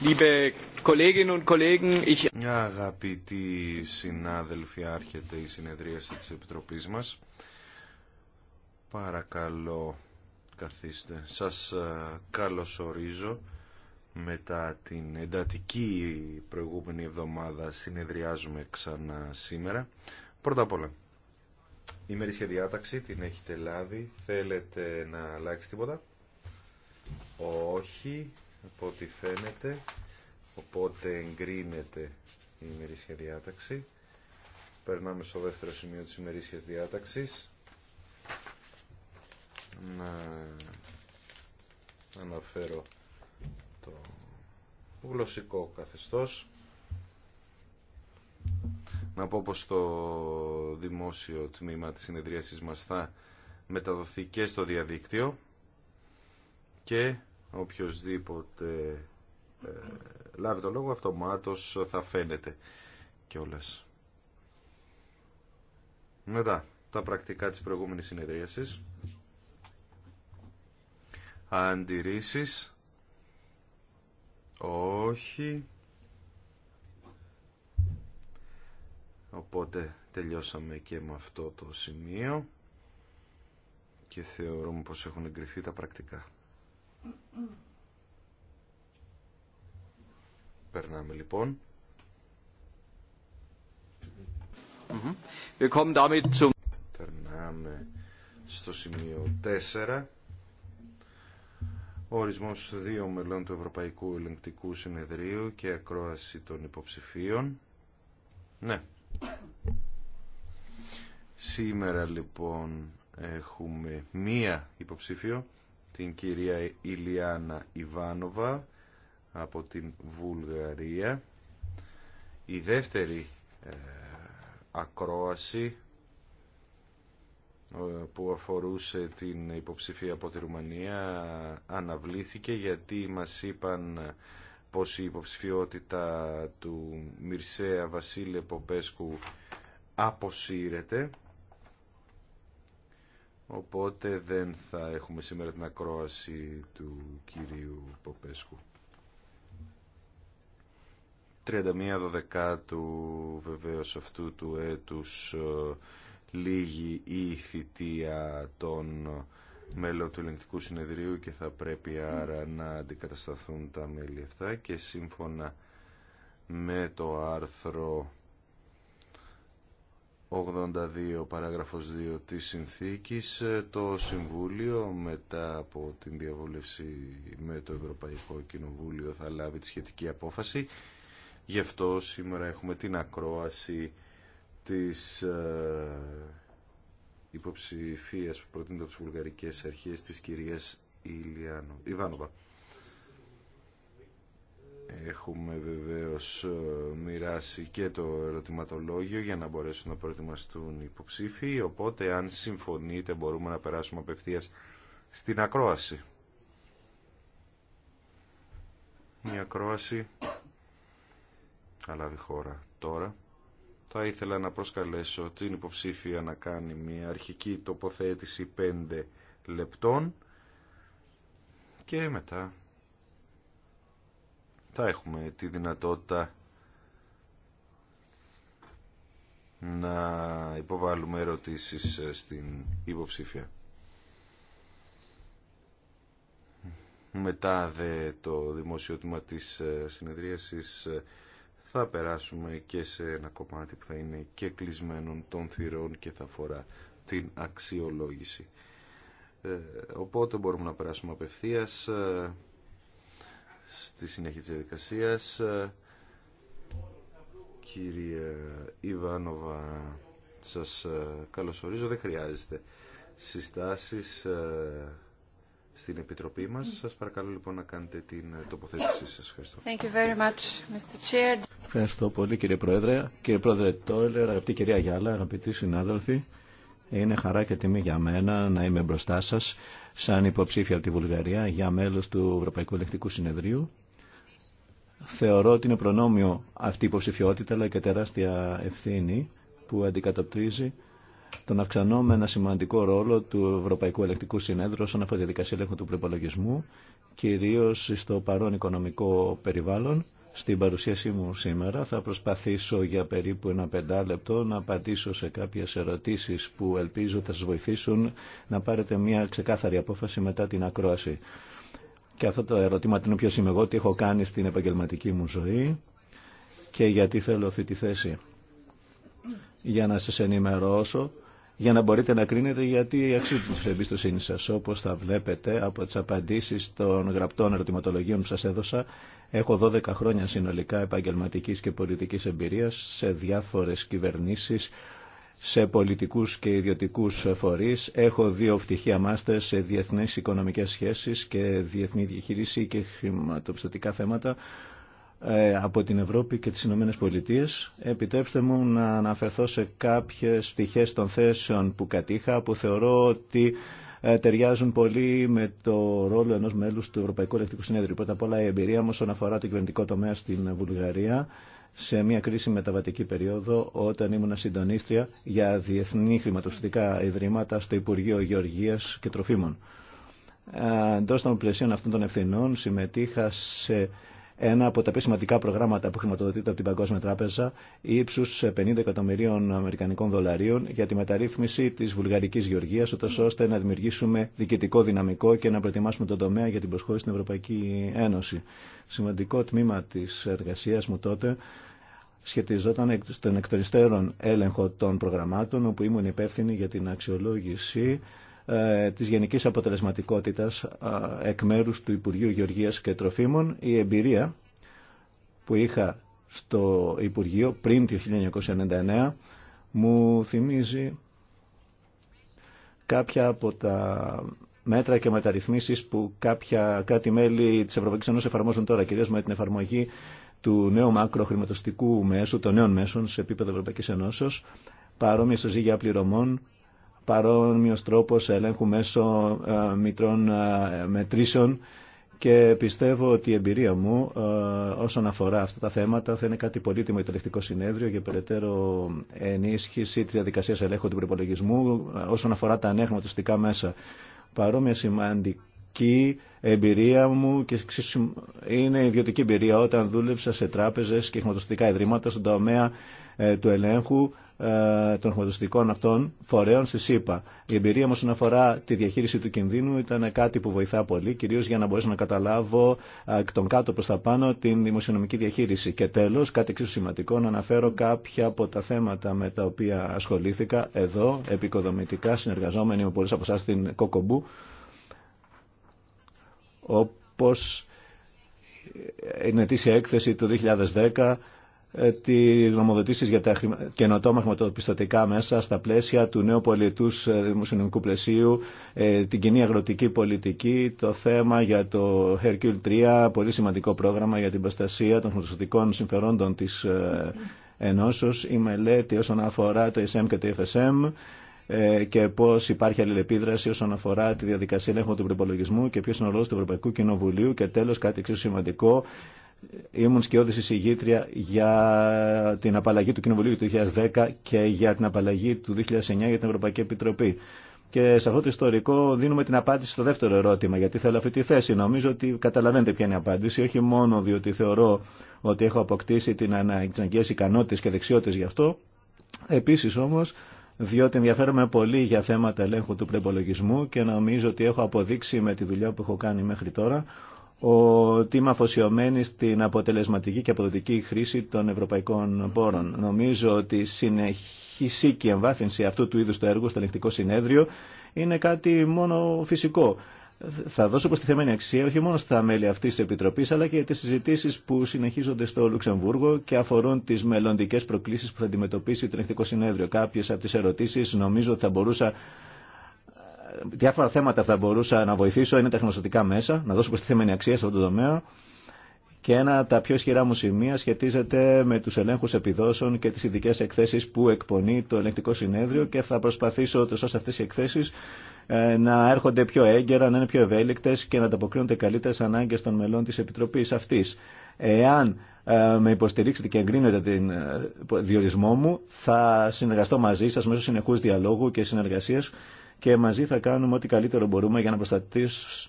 Liebe Kolleginnen und Kollegen, Αγαπητοί συνάδελφοι, άρχεται η συνεδρίαση της Επιτροπής μας. Παρακαλώ, καθίστε. Σας ε, καλωσορίζω μετά την εντατική προηγούμενη εβδομάδα συνεδριάζουμε ξανά σήμερα. Πρώτα απ' όλα, η μερίσια διάταξη την έχετε λάβει. Θέλετε να αλλάξει τίποτα. Όχι από ό,τι φαίνεται. Οπότε εγκρίνεται η ημερήσια διάταξη. Περνάμε στο δεύτερο σημείο της ημερήσιας διάταξης. Να αναφέρω το γλωσσικό καθεστώς. Να πω πως το δημόσιο τμήμα της συνεδρίασης μας θα μεταδοθεί και στο διαδίκτυο και οποιοδήποτε ε, λάβει το λόγο αυτομάτως θα φαίνεται κιόλας. Μετά, τα πρακτικά της προηγούμενης συνεδρίασης. Αντιρρήσεις. Όχι. Οπότε τελειώσαμε και με αυτό το σημείο και θεωρούμε πως έχουν εγκριθεί τα πρακτικά. Περνάμε λοιπόν. Περνάμε στο σημείο 4. Ο ορισμός δύο μελών του Ευρωπαϊκού Ελεγκτικού Συνεδρίου και ακρόαση των υποψηφίων. Ναι. Σήμερα λοιπόν έχουμε μία υποψήφιο την κυρία Ηλιάνα Ιβάνοβα από την Βουλγαρία. Η δεύτερη ε, ακρόαση ε, που αφορούσε την υποψηφία από τη Ρουμανία αναβλήθηκε γιατί μας είπαν ε, πως η υποψηφιότητα του Μυρσέα Βασίλε Ποπέσκου αποσύρεται Οπότε δεν θα έχουμε σήμερα την ακρόαση του κυρίου Ποπέσκου. 31 Δεκάτου βεβαίως αυτού του έτους ε, λίγη η θητεία των μέλων του ελεγκτικού συνεδρίου και θα πρέπει άρα να αντικατασταθούν τα μέλη αυτά και σύμφωνα με το άρθρο 82 παράγραφος 2 της συνθήκης ε, το Συμβούλιο μετά από την διαβούλευση με το Ευρωπαϊκό Κοινοβούλιο θα λάβει τη σχετική απόφαση γι' αυτό σήμερα έχουμε την ακρόαση της ε, υποψηφίας που προτείνεται από τις βουλγαρικές αρχές της κυρίας Ιβάνοβα. Έχουμε βεβαίως ε, μοιράσει και το ερωτηματολόγιο για να μπορέσουν να προετοιμαστούν οι υποψήφοι, οπότε αν συμφωνείτε μπορούμε να περάσουμε απευθείας στην ακρόαση. Η ακρόαση θα λάβει χώρα τώρα. Θα ήθελα να προσκαλέσω την υποψήφια να κάνει μια αρχική τοποθέτηση 5 λεπτών και μετά θα έχουμε τη δυνατότητα να υποβάλουμε ερωτήσεις ε, στην υποψήφια. Μετά δε το δημοσιότημα της ε, συνεδρίασης ε, θα περάσουμε και σε ένα κομμάτι που θα είναι και κλεισμένων των θυρών και θα αφορά την αξιολόγηση. οπότε μπορούμε να περάσουμε απευθείας στη συνέχεια της διαδικασίας. Κύριε Ιβάνοβα, σας ε, καλωσορίζω. Δεν χρειάζεται συστάσεις ε, στην Επιτροπή μας. Σας παρακαλώ λοιπόν να κάνετε την τοποθέτησή σας. Ευχαριστώ. Thank you very much, Mr. Chair. Ευχαριστώ πολύ κύριε Πρόεδρε. Κύριε Πρόεδρε Τόλερ, αγαπητή κυρία Γιάλα, αγαπητοί συνάδελφοι. Είναι χαρά και τιμή για μένα να είμαι μπροστά σας σαν υποψήφια από τη Βουλγαρία για μέλος του Ευρωπαϊκού Ελεκτικού Συνεδρίου. Θεωρώ ότι είναι προνόμιο αυτή η υποψηφιότητα αλλά και τεράστια ευθύνη που αντικατοπτρίζει τον αυξανόμενα σημαντικό ρόλο του Ευρωπαϊκού Ελεκτικού Συνέδρου όσον αφορά τη διαδικασία του προπολογισμού, κυρίω στο παρόν οικονομικό περιβάλλον στην παρουσίασή μου σήμερα θα προσπαθήσω για περίπου ένα πεντάλεπτο να απαντήσω σε κάποιες ερωτήσεις που ελπίζω θα σας βοηθήσουν να πάρετε μια ξεκάθαρη απόφαση μετά την ακρόαση. Και αυτό το ερώτημα είναι ποιος είμαι εγώ, τι έχω κάνει στην επαγγελματική μου ζωή και γιατί θέλω αυτή τη θέση. Για να σας ενημερώσω για να μπορείτε να κρίνετε γιατί αξίζει τη εμπιστοσύνη σα, Όπως θα βλέπετε από τι απαντήσεις των γραπτών ερωτηματολογίων που σας έδωσα, έχω 12 χρόνια συνολικά επαγγελματικής και πολιτικής εμπειρίας σε διάφορες κυβερνήσεις, σε πολιτικούς και ιδιωτικού φορείς. Έχω δύο πτυχία μάστερ σε διεθνεί οικονομικέ σχέσει και διεθνή διαχείριση και χρηματοπιστωτικά θέματα ε, από την Ευρώπη και τις Ηνωμένε Πολιτείε. Επιτρέψτε μου να αναφερθώ σε κάποιες πτυχές των θέσεων που κατήχα που θεωρώ ότι ε, ταιριάζουν πολύ με το ρόλο ενός μέλους του Ευρωπαϊκού Ελεκτικού Συνέδριου. Πρώτα απ' όλα η εμπειρία μου όσον αφορά το κυβερνητικό τομέα στην Βουλγαρία σε μια κρίσιμη μεταβατική περίοδο όταν ήμουν συντονίστρια για διεθνή χρηματοστατικά ιδρύματα στο Υπουργείο Γεωργίας και Τροφίμων. Ε, Εντό των πλαισίων αυτών των ευθυνών συμμετείχα σε ένα από τα πιο σημαντικά προγράμματα που χρηματοδοτείται από την Παγκόσμια Τράπεζα ύψου 50 εκατομμυρίων Αμερικανικών δολαρίων για τη μεταρρύθμιση τη βουλγαρική γεωργία, ώστε να δημιουργήσουμε διοικητικό δυναμικό και να προετοιμάσουμε τον τομέα για την προσχώρηση στην Ευρωπαϊκή Ένωση. Σημαντικό τμήμα τη εργασία μου τότε σχετιζόταν στον εκτοριστέρων έλεγχο των προγραμμάτων, όπου ήμουν υπεύθυνη για την αξιολόγηση ε, της γενικής αποτελεσματικότητας ε, εκ μέρους του Υπουργείου Γεωργίας και Τροφίμων. Η εμπειρία που είχα στο Υπουργείο πριν το 1999 μου θυμίζει κάποια από τα μέτρα και μεταρρυθμίσεις που κάποια κράτη-μέλη της Ευρωπαϊκής Ένωσης εφαρμόζουν τώρα, κυρίως με την εφαρμογή του νέου μακροχρηματοστικού μέσου, των νέων μέσων σε επίπεδο Ευρωπαϊκής Ενώσης, παρόμοια στο ζύγια πληρωμών παρόμοιος τρόπος ελέγχου μέσω ε, μητρών ε, μετρήσεων και πιστεύω ότι η εμπειρία μου ε, όσον αφορά αυτά τα θέματα θα είναι κάτι πολύτιμο το ελεκτικό συνέδριο για περαιτέρω ενίσχυση της διαδικασίας ελέγχου του προπολογισμού όσον αφορά τα ανέγνωτιστικά μέσα. Παρόμοια σημαντική εμπειρία μου και είναι ιδιωτική εμπειρία όταν δούλευσα σε τράπεζες και χρηματοστικά ιδρύματα στον τομέα του ελέγχου ε, των χρηματοδοτικών αυτών φορέων στη ΣΥΠΑ. Η εμπειρία μου όσον αφορά τη διαχείριση του κινδύνου ήταν κάτι που βοηθά πολύ, κυρίω για να μπορέσω να καταλάβω εκ των κάτω προ τα πάνω την δημοσιονομική διαχείριση. Και τέλο, κάτι εξίσου σημαντικό, να αναφέρω κάποια από τα θέματα με τα οποία ασχολήθηκα εδώ, επικοδομητικά, συνεργαζόμενοι με πολλού από εσά στην Κοκομπού, όπω είναι νετήσια έκθεση του 2010 ε, τι νομοδοτήσει για τα καινοτόμα χρηματοπιστωτικά μέσα στα πλαίσια του νέου πολιτού ε, δημοσιονομικού πλαισίου, ε, την κοινή αγροτική πολιτική, το θέμα για το Hercule 3, πολύ σημαντικό πρόγραμμα για την προστασία των χρηματοπιστωτικών συμφερόντων τη Ενώσεω, η μελέτη όσον αφορά το ESM και το FSM και πώ υπάρχει αλληλεπίδραση όσον αφορά τη διαδικασία ελέγχου του προπολογισμού και ποιο είναι ο ρόλο του Ευρωπαϊκού Κοινοβουλίου και τέλο κάτι εξίσου σημαντικό Ήμουν σκιώδης εισηγήτρια για την απαλλαγή του Κοινοβουλίου του 2010 και για την απαλλαγή του 2009 για την Ευρωπαϊκή Επιτροπή. Και σε αυτό το ιστορικό δίνουμε την απάντηση στο δεύτερο ερώτημα, γιατί θέλω αυτή τη θέση. Νομίζω ότι καταλαβαίνετε ποια είναι η απάντηση, όχι μόνο διότι θεωρώ ότι έχω αποκτήσει την αναγκαίε ικανότητε και δεξιότητε γι' αυτό. Επίση όμω, διότι ενδιαφέρομαι πολύ για θέματα ελέγχου του προπολογισμού και νομίζω ότι έχω αποδείξει με τη δουλειά που έχω κάνει μέχρι τώρα ότι είμαι αφοσιωμένη στην αποτελεσματική και αποδοτική χρήση των ευρωπαϊκών πόρων. Νομίζω ότι η συνεχισή και εμβάθυνση αυτού του είδους του έργου στο ελεκτικό συνέδριο είναι κάτι μόνο φυσικό. Θα δώσω προστιθέμενη αξία όχι μόνο στα μέλη αυτής της Επιτροπής αλλά και για τις συζητήσεις που συνεχίζονται στο Λουξεμβούργο και αφορούν τις μελλοντικές προκλήσεις που θα αντιμετωπίσει το ελεκτικό συνέδριο. Κάποιες από τις ερωτήσεις νομίζω ότι θα μπορούσα διάφορα θέματα θα μπορούσα να βοηθήσω είναι τα χρηματοδοτικά μέσα, να δώσω προστιθέμενη αξία σε αυτό το τομέα. Και ένα από τα πιο ισχυρά μου σημεία σχετίζεται με τους ελέγχους επιδόσεων και τις ειδικέ εκθέσεις που εκπονεί το ελεγκτικό συνέδριο και θα προσπαθήσω τόσο σε αυτές οι εκθέσεις ε, να έρχονται πιο έγκαιρα, να είναι πιο ευέλικτες και να ανταποκρίνονται καλύτερε ανάγκες των μελών της Επιτροπής αυτής. Εάν ε, με υποστηρίξετε και εγκρίνετε την ε, διορισμό μου, θα συνεργαστώ μαζί σας μέσω συνεχούς διαλόγου και συνεργασίας και μαζί θα κάνουμε ό,τι καλύτερο μπορούμε για να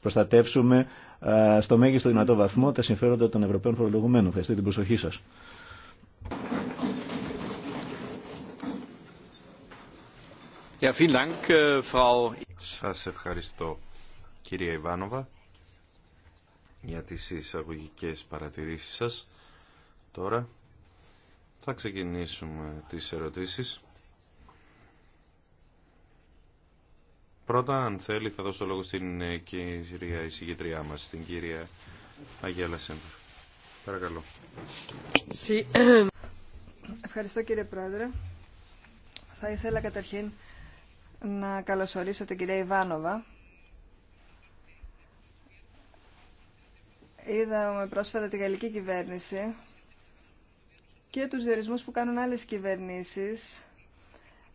προστατεύσουμε στο μέγιστο δυνατό βαθμό τα συμφέροντα των Ευρωπαίων φορολογουμένων. Ευχαριστώ την προσοχή σας. Äh, σας ευχαριστώ κυρία Ιβάνοβα για τις εισαγωγικέ παρατηρήσεις σας. Τώρα θα ξεκινήσουμε τις ερωτήσεις. Πρώτα, αν θέλει, θα δώσω το λόγο στην ε, κυρία εισηγητριά μας, στην κυρία Αγία Σέμπερ. Παρακαλώ. Ευχαριστώ κύριε Πρόεδρε. Θα ήθελα καταρχήν να καλωσορίσω την κυρία Ιβάνοβα. Είδαμε πρόσφατα τη γαλλική κυβέρνηση και τους διορισμούς που κάνουν άλλες κυβερνήσεις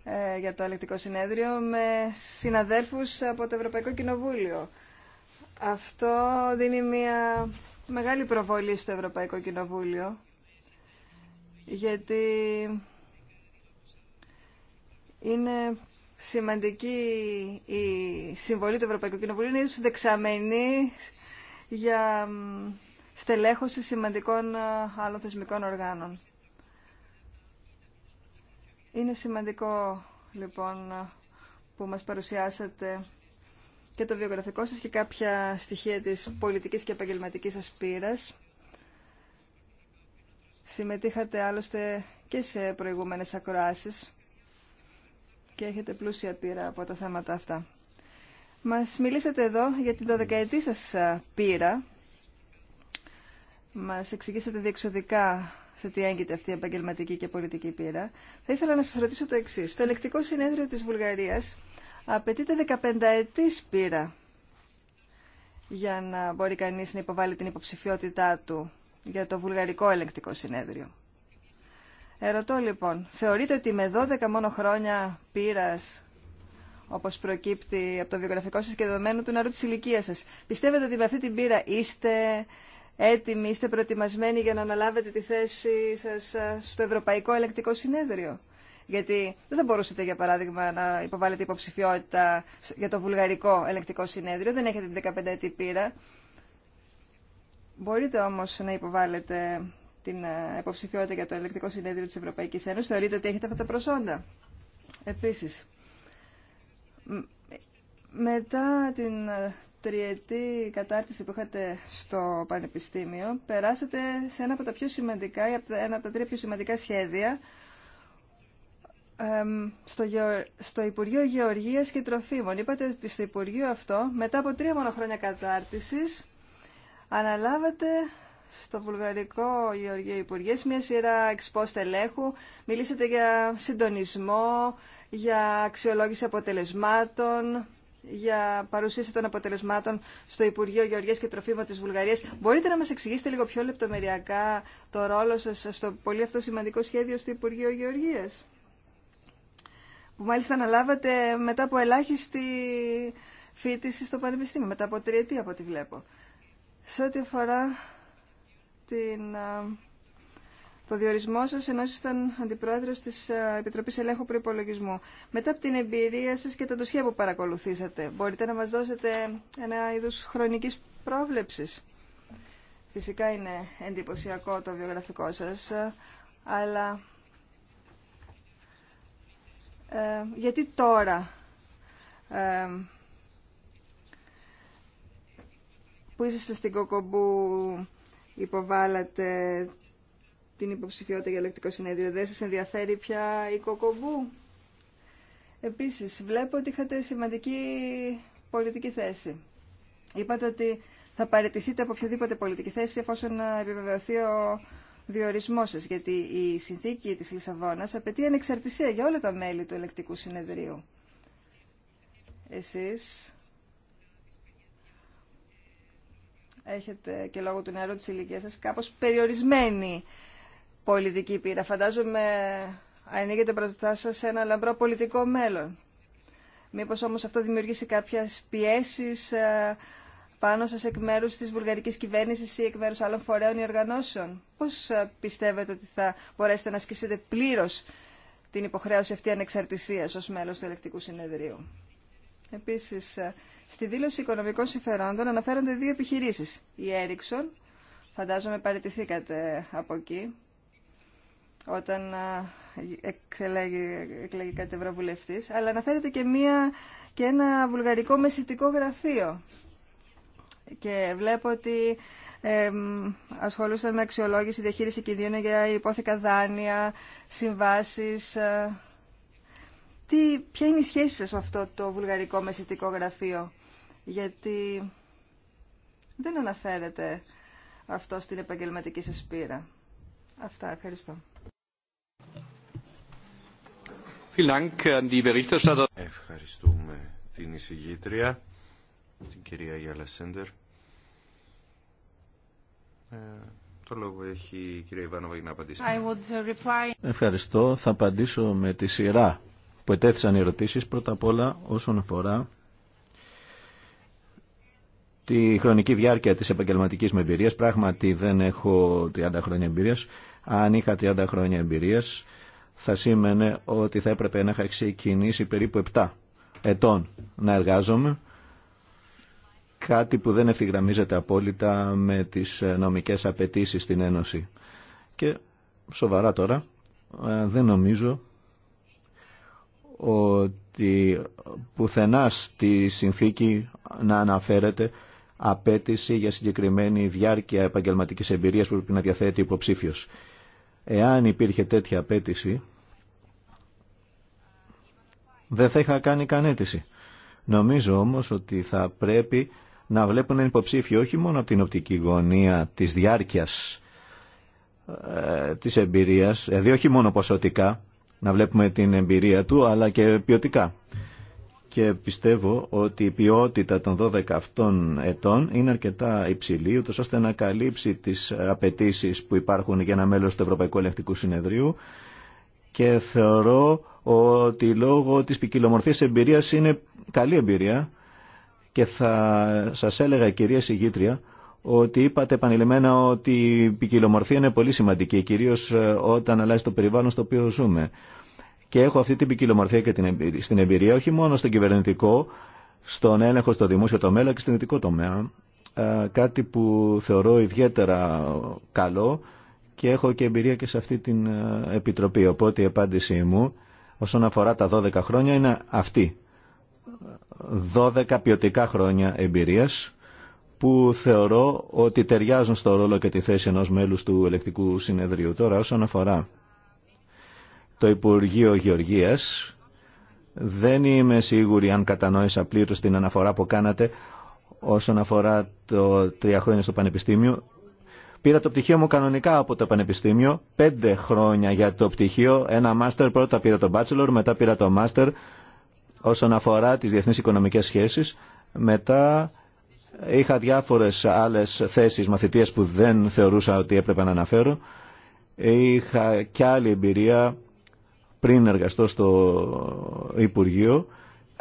ε, για το Ελεκτικό Συνέδριο με συναδέρφους από το Ευρωπαϊκό Κοινοβούλιο. Αυτό δίνει μια μεγάλη προβολή στο Ευρωπαϊκό Κοινοβούλιο γιατί είναι σημαντική η συμβολή του Ευρωπαϊκού Κοινοβουλίου, είναι ίσως δεξαμενή για στελέχωση σημαντικών ε, άλλων θεσμικών οργάνων. Είναι σημαντικό λοιπόν που μας παρουσιάσατε και το βιογραφικό σας και κάποια στοιχεία της πολιτικής και επαγγελματικής σας πείρας. Συμμετείχατε άλλωστε και σε προηγούμενες ακροάσεις και έχετε πλούσια πείρα από τα θέματα αυτά. Μας μιλήσατε εδώ για την 12 η σας πείρα. Μας εξηγήσατε διεξοδικά σε τι έγκυται αυτή η επαγγελματική και πολιτική πείρα, θα ήθελα να σας ρωτήσω το εξής. Στο ελεκτικό συνέδριο της Βουλγαρίας απαιτείται 15 ετή πείρα για να μπορεί κανείς να υποβάλει την υποψηφιότητά του για το βουλγαρικό ελεκτικό συνέδριο. Ερωτώ λοιπόν, θεωρείτε ότι με 12 μόνο χρόνια πείρας όπως προκύπτει από το βιογραφικό σας και δεδομένου του νερού τη ηλικία σας. Πιστεύετε ότι με αυτή την πείρα είστε έτοιμοι, είστε προετοιμασμένοι για να αναλάβετε τη θέση σας ε, στο Ευρωπαϊκό Ελεκτικό Συνέδριο. Γιατί δεν θα μπορούσατε, για παράδειγμα, να υποβάλλετε υποψηφιότητα για το Βουλγαρικό Ελεκτικό Συνέδριο. Δεν έχετε την 15η πείρα. Μπορείτε όμως να υποβάλλετε την ε, υποψηφιότητα για το Ελεκτικό Συνέδριο της Ευρωπαϊκής Ένωσης. Θεωρείτε ότι έχετε αυτά τα προσόντα. Επίσης, μετά την ε, τριετή κατάρτιση που είχατε στο Πανεπιστήμιο, περάσατε σε ένα από τα πιο σημαντικά, ένα από τα τρία πιο σημαντικά σχέδια στο, Υπουργείο Γεωργίας και Τροφίμων. Είπατε ότι στο Υπουργείο αυτό, μετά από τρία μόνο χρόνια κατάρτισης, αναλάβατε στο Βουλγαρικό Γεωργείο Υπουργές μια σειρά εξπός τελέχου. Μιλήσατε για συντονισμό, για αξιολόγηση αποτελεσμάτων, για παρουσίαση των αποτελεσμάτων στο Υπουργείο Γεωργίας και Τροφίμων της Βουλγαρίας. Μπορείτε να μας εξηγήσετε λίγο πιο λεπτομεριακά το ρόλο σας στο πολύ αυτό σημαντικό σχέδιο στο Υπουργείο Γεωργίας που μάλιστα αναλάβατε μετά από ελάχιστη φίτηση στο Πανεπιστήμιο, μετά από τριετή από ό,τι βλέπω. Σε ό,τι αφορά την το διορισμό σα ενώ ήσασταν αντιπρόεδρο τη ε, Επιτροπή Ελέγχου Προπολογισμού. Μετά από την εμπειρία σα και τα ντοσιά που παρακολουθήσατε, μπορείτε να μα δώσετε ένα είδου χρονική πρόβλεψη. Φυσικά είναι εντυπωσιακό το βιογραφικό σας, ε, αλλά ε, γιατί τώρα που είσαστε στην Κοκομπού υποβάλατε την υποψηφιότητα για ηλεκτρικό συνέδριο. Δεν σας ενδιαφέρει πια η κοκομπού. Επίσης, βλέπω ότι είχατε σημαντική πολιτική θέση. Είπατε ότι θα παραιτηθείτε από οποιαδήποτε πολιτική θέση εφόσον επιβεβαιωθεί ο διορισμό σα. γιατί η συνθήκη της Λισαβόνα απαιτεί ανεξαρτησία για όλα τα μέλη του ελεκτικού συνεδρίου. Εσεί, έχετε και λόγω του νεαρού της ηλικίας σας κάπως περιορισμένη πολιτική πείρα. Φαντάζομαι ανοίγεται μπροστά σα ένα λαμπρό πολιτικό μέλλον. Μήπως όμως αυτό δημιουργήσει κάποιες πιέσεις ε, πάνω σας εκ μέρους της βουλγαρικής κυβέρνησης ή εκ μέρους άλλων φορέων ή οργανώσεων. Πώς ε, πιστεύετε ότι θα μπορέσετε να ασκήσετε πλήρως την υποχρέωση αυτή ανεξαρτησίας ως μέλος του Ελεκτικού Συνεδρίου. Επίσης, ε, στη δήλωση οικονομικών συμφερόντων αναφέρονται δύο επιχειρήσεις. Η Ericsson, φαντάζομαι παραιτηθήκατε από εκεί, όταν εκλέγει, εκλέγει κάτι αλλά αναφέρεται και, μία, και ένα βουλγαρικό μεσητικό γραφείο. Και βλέπω ότι ε, ασχολούσαν με αξιολόγηση, διαχείριση κινδύνων για υπόθηκα δάνεια, συμβάσεις. Τι, ποια είναι η σχέση σας με αυτό το βουλγαρικό μεσητικό γραφείο, γιατί δεν αναφέρεται αυτό στην επαγγελματική σας πείρα. Αυτά, ευχαριστώ. Ευχαριστούμε την εισηγήτρια, την κυρία Γιάλα Σέντερ. Ε, το λόγο έχει η κυρία Ιβάνοβα για να απαντήσει. Uh, Ευχαριστώ. Θα απαντήσω με τη σειρά που ετέθησαν οι ερωτήσεις. Πρώτα απ' όλα όσον αφορά τη χρονική διάρκεια της επαγγελματικής μου εμπειρίας. Πράγματι δεν έχω 30 χρόνια εμπειρίας. Αν είχα 30 χρόνια εμπειρίας θα σήμαινε ότι θα έπρεπε να είχα ξεκινήσει περίπου 7 ετών να εργάζομαι κάτι που δεν ευθυγραμμίζεται απόλυτα με τις ε, νομικές απαιτήσεις στην Ένωση. Και σοβαρά τώρα, ε, δεν νομίζω ότι πουθενά στη συνθήκη να αναφέρεται απέτηση για συγκεκριμένη διάρκεια επαγγελματικής εμπειρίας που πρέπει να διαθέτει υποψήφιος. Εάν υπήρχε τέτοια απέτηση, δεν θα είχα κάνει κανέτηση. Νομίζω όμως ότι θα πρέπει να βλέπουν έναν υποψήφιο όχι μόνο από την οπτική γωνία της διάρκειας ε, της εμπειρίας, δηλαδή όχι μόνο ποσοτικά, να βλέπουμε την εμπειρία του, αλλά και ποιοτικά και πιστεύω ότι η ποιότητα των 12 αυτών ετών είναι αρκετά υψηλή, ούτως ώστε να καλύψει τις απαιτήσει που υπάρχουν για ένα μέλος του Ευρωπαϊκού Ελεκτικού Συνεδρίου και θεωρώ ότι λόγω της ποικιλομορφής εμπειρίας είναι καλή εμπειρία και θα σας έλεγα κυρία Συγήτρια ότι είπατε επανειλημμένα ότι η ποικιλομορφία είναι πολύ σημαντική κυρίως ε, όταν αλλάζει το περιβάλλον στο οποίο ζούμε και έχω αυτή την ποικιλομορφία και την, στην εμπειρία όχι μόνο στον κυβερνητικό, στον έλεγχο στο δημόσιο τομέα και στον ειδικό τομέα. Ε, κάτι που θεωρώ ιδιαίτερα καλό και έχω και εμπειρία και σε αυτή την ε, επιτροπή. Οπότε η απάντησή μου όσον αφορά τα 12 χρόνια είναι αυτή. 12 ποιοτικά χρόνια εμπειρίας που θεωρώ ότι ταιριάζουν στο ρόλο και τη θέση ενός μέλους του ελεκτικού συνεδρίου. Τώρα όσον αφορά το Υπουργείο Γεωργίας. Δεν είμαι σίγουρη αν κατανόησα πλήρως την αναφορά που κάνατε όσον αφορά το τρία χρόνια στο Πανεπιστήμιο. Πήρα το πτυχίο μου κανονικά από το Πανεπιστήμιο, πέντε χρόνια για το πτυχίο, ένα μάστερ, πρώτα πήρα το μπάτσελορ, μετά πήρα το μάστερ όσον αφορά τις διεθνείς οικονομικές σχέσεις, μετά είχα διάφορες άλλες θέσεις μαθητείας που δεν θεωρούσα ότι έπρεπε να αναφέρω, είχα και άλλη εμπειρία πριν εργαστώ στο Υπουργείο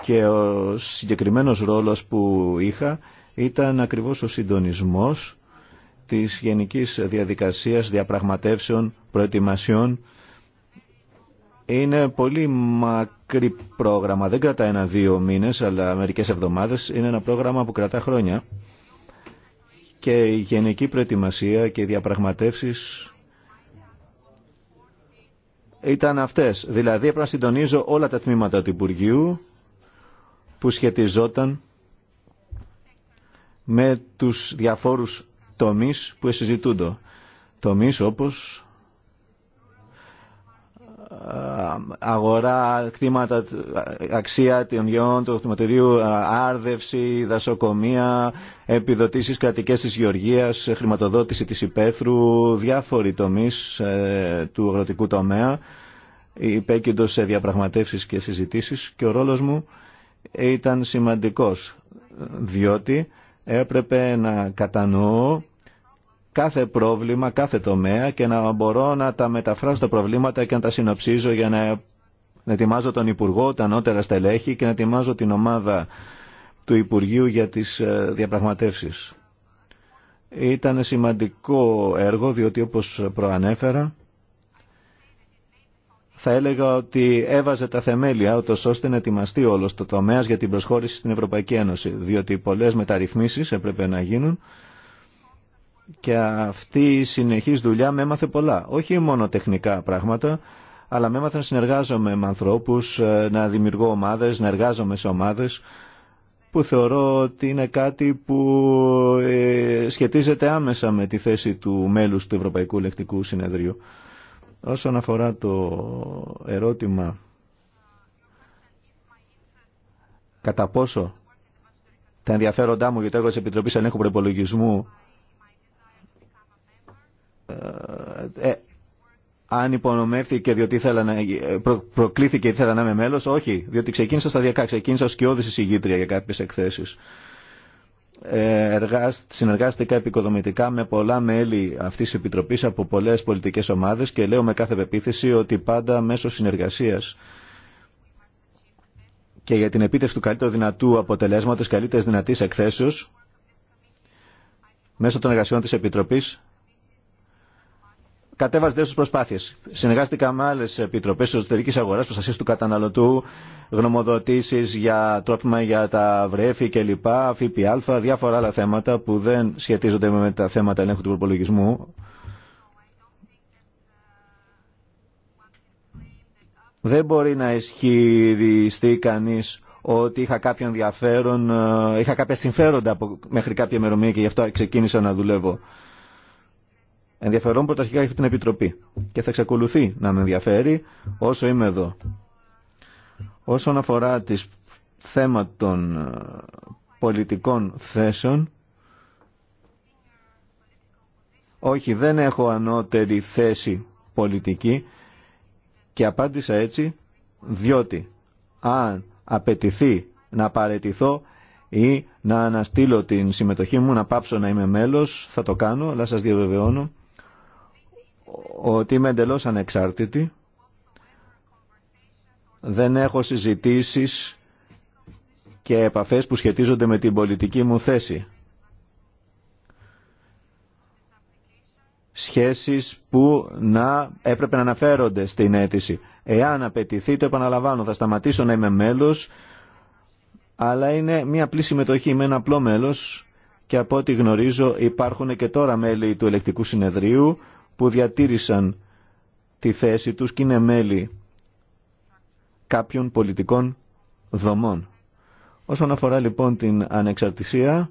και ο συγκεκριμένος ρόλος που είχα ήταν ακριβώς ο συντονισμός της γενικής διαδικασίας διαπραγματεύσεων, προετοιμασιών. Είναι πολύ μακρύ πρόγραμμα, δεν κρατά ένα-δύο μήνες, αλλά μερικές εβδομάδες. Είναι ένα πρόγραμμα που κρατά χρόνια. Και η γενική προετοιμασία και οι διαπραγματεύσεις ήταν αυτές. Δηλαδή έπρεπε να συντονίζω όλα τα τμήματα του Υπουργείου που σχετιζόταν με τους διαφόρους τομείς που συζητούνται. Τομείς όπως ε, αγορά, κτήματα, αξία των γεών του χρηματορίου, ε, άρδευση, δασοκομεία, επιδοτήσεις κρατικές της γεωργίας, χρηματοδότηση της υπαίθρου, διάφοροι τομείς ε, του αγροτικού τομέα, υπέκυντος σε διαπραγματεύσεις και συζητήσεις και ο ρόλος μου ήταν σημαντικός, διότι έπρεπε να κατανοώ κάθε πρόβλημα, κάθε τομέα και να μπορώ να τα μεταφράσω τα προβλήματα και να τα συνοψίζω για να, να ετοιμάζω τον Υπουργό, τα ανώτερα στελέχη και να ετοιμάζω την ομάδα του Υπουργείου για τις ε, διαπραγματεύσεις. Ήταν σημαντικό έργο διότι όπως προανέφερα θα έλεγα ότι έβαζε τα θεμέλια ούτως ώστε να ετοιμαστεί όλος το τομέας για την προσχώρηση στην Ευρωπαϊκή Ένωση διότι πολλές μεταρρυθμίσεις έπρεπε να γίνουν και αυτή η συνεχής δουλειά με έμαθε πολλά. Όχι μόνο τεχνικά πράγματα, αλλά με έμαθε να συνεργάζομαι με ανθρώπους, ε, να δημιουργώ ομάδες, να εργάζομαι σε ομάδες, που θεωρώ ότι είναι κάτι που ε, σχετίζεται άμεσα με τη θέση του μέλους του Ευρωπαϊκού Λεκτικού Συνεδρίου. Όσον αφορά το ερώτημα κατά πόσο τα ενδιαφέροντά μου για το έργο της Επιτροπής Ελέγχου Προπολογισμού ε, αν υπονομεύθηκε διότι ήθελα να, ε, προ, προκλήθηκε ήθελα να είμαι μέλος, όχι, διότι ξεκίνησα σταδιακά, ξεκίνησα ως κοιόδηση συγγήτρια για κάποιες εκθέσεις. Ε, συνεργάστηκα επικοδομητικά με πολλά μέλη αυτής της Επιτροπής από πολλές πολιτικές ομάδες και λέω με κάθε πεποίθηση ότι πάντα μέσω συνεργασίας και για την επίτευξη του καλύτερου δυνατού αποτελέσματος, καλύτερης δυνατής εκθέσεως, μέσω των εργασιών της Επιτροπής, κατέβαζε τέτοιε προσπάθειε. Συνεργάστηκα με άλλε επιτροπέ τη εσωτερική αγορά, προστασία του καταναλωτού, γνωμοδοτήσει για τρόφιμα για τα βρέφη κλπ. ΦΠΑ, διάφορα άλλα θέματα που δεν σχετίζονται με τα θέματα ελέγχου του προπολογισμού. Δεν μπορεί να ισχυριστεί κανεί ότι είχα κάποιο ενδιαφέρον, ε, είχα κάποια συμφέροντα μέχρι κάποια ημερομηνία και γι' αυτό ξεκίνησα να δουλεύω ενδιαφερόμουν πρωταρχικά για αυτή την επιτροπή και θα εξακολουθεί να με ενδιαφέρει όσο είμαι εδώ. Όσον αφορά τις θέματα των ε, πολιτικών θέσεων, όχι δεν έχω ανώτερη θέση πολιτική και απάντησα έτσι διότι αν απαιτηθεί να παρετηθώ ή να αναστείλω την συμμετοχή μου, να πάψω να είμαι μέλος, θα το κάνω, αλλά σας διαβεβαιώνω ότι είμαι εντελώ ανεξάρτητη. Δεν έχω συζητήσεις και επαφές που σχετίζονται με την πολιτική μου θέση. Σχέσεις που να έπρεπε να αναφέρονται στην αίτηση. Εάν απαιτηθεί, το επαναλαμβάνω, θα σταματήσω να είμαι μέλος, αλλά είναι μια απλή συμμετοχή με ένα απλό μέλος και από ό,τι γνωρίζω υπάρχουν και τώρα μέλη του ελεκτικού συνεδρίου που διατήρησαν τη θέση τους και είναι μέλη κάποιων πολιτικών δομών. Όσον αφορά λοιπόν την ανεξαρτησία,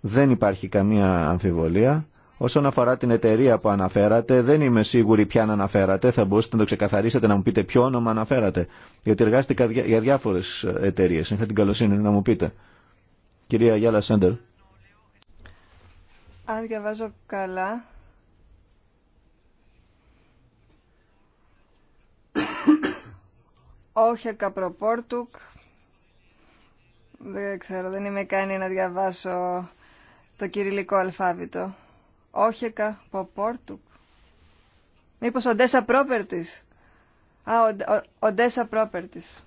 δεν υπάρχει καμία αμφιβολία. Όσον αφορά την εταιρεία που αναφέρατε, δεν είμαι σίγουρη ποια αναφέρατε. Θα μπορούσατε να το ξεκαθαρίσετε, να μου πείτε ποιο όνομα αναφέρατε. Γιατί εργάστηκα για διάφορε εταιρείε. Είχα την καλοσύνη να μου πείτε. Κυρία Γιάλα Σέντερ. Αν διαβάζω καλά, όχι καπροπόρτουκ. Δεν ξέρω, δεν είμαι κανεί να διαβάσω το κυριλικό αλφάβητο. Όχι ποπόρτουκ Μήπως Ντέσα πρόπερτης. Α, Ντέσα πρόπερτης.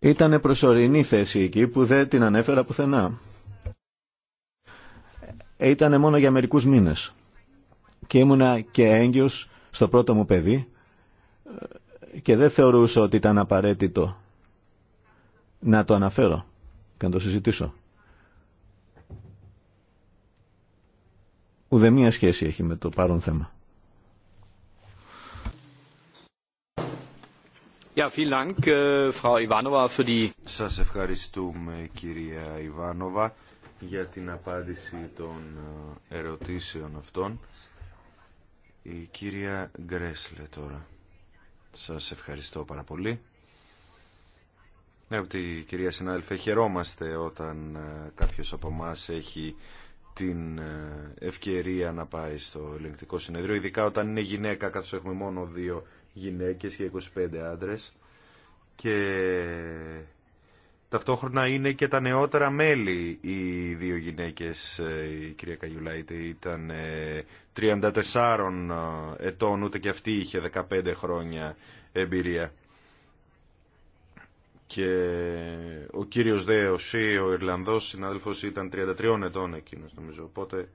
Ήτανε προσωρινή θέση εκεί που δεν την ανέφερα πουθενά. Ε, ήτανε μόνο για μερικούς μήνες. Και ήμουνα και έγκυος στο πρώτο μου παιδί ε, και δεν θεωρούσα ότι ήταν απαραίτητο να το αναφέρω και να το συζητήσω. Ουδέμια σχέση έχει με το παρόν θέμα. Äh, Σας ευχαριστούμε κυρία Ιβάνοβα για την απάντηση των ε, ερωτήσεων αυτών. Η κυρία Γκρέσλε τώρα. Σας ευχαριστώ πάρα πολύ. ότι κυρία συνάδελφε, χαιρόμαστε όταν ε, κάποιος από εμά έχει την ε, ευκαιρία να πάει στο ελεγκτικό συνεδρίο, ειδικά όταν είναι γυναίκα, καθώς έχουμε μόνο δύο γυναίκες και 25 άντρες. Και Ταυτόχρονα είναι και τα νεότερα μέλη οι δύο γυναίκες, ε, η κυρία Καγιουλάιτη ήταν 34 ε, ε, ετών, ούτε και αυτή είχε 15 χρόνια εμπειρία. Και ο κύριος Δέος ο Ιρλανδός συνάδελφος ήταν 33 ετών εκείνος νομίζω, οπότε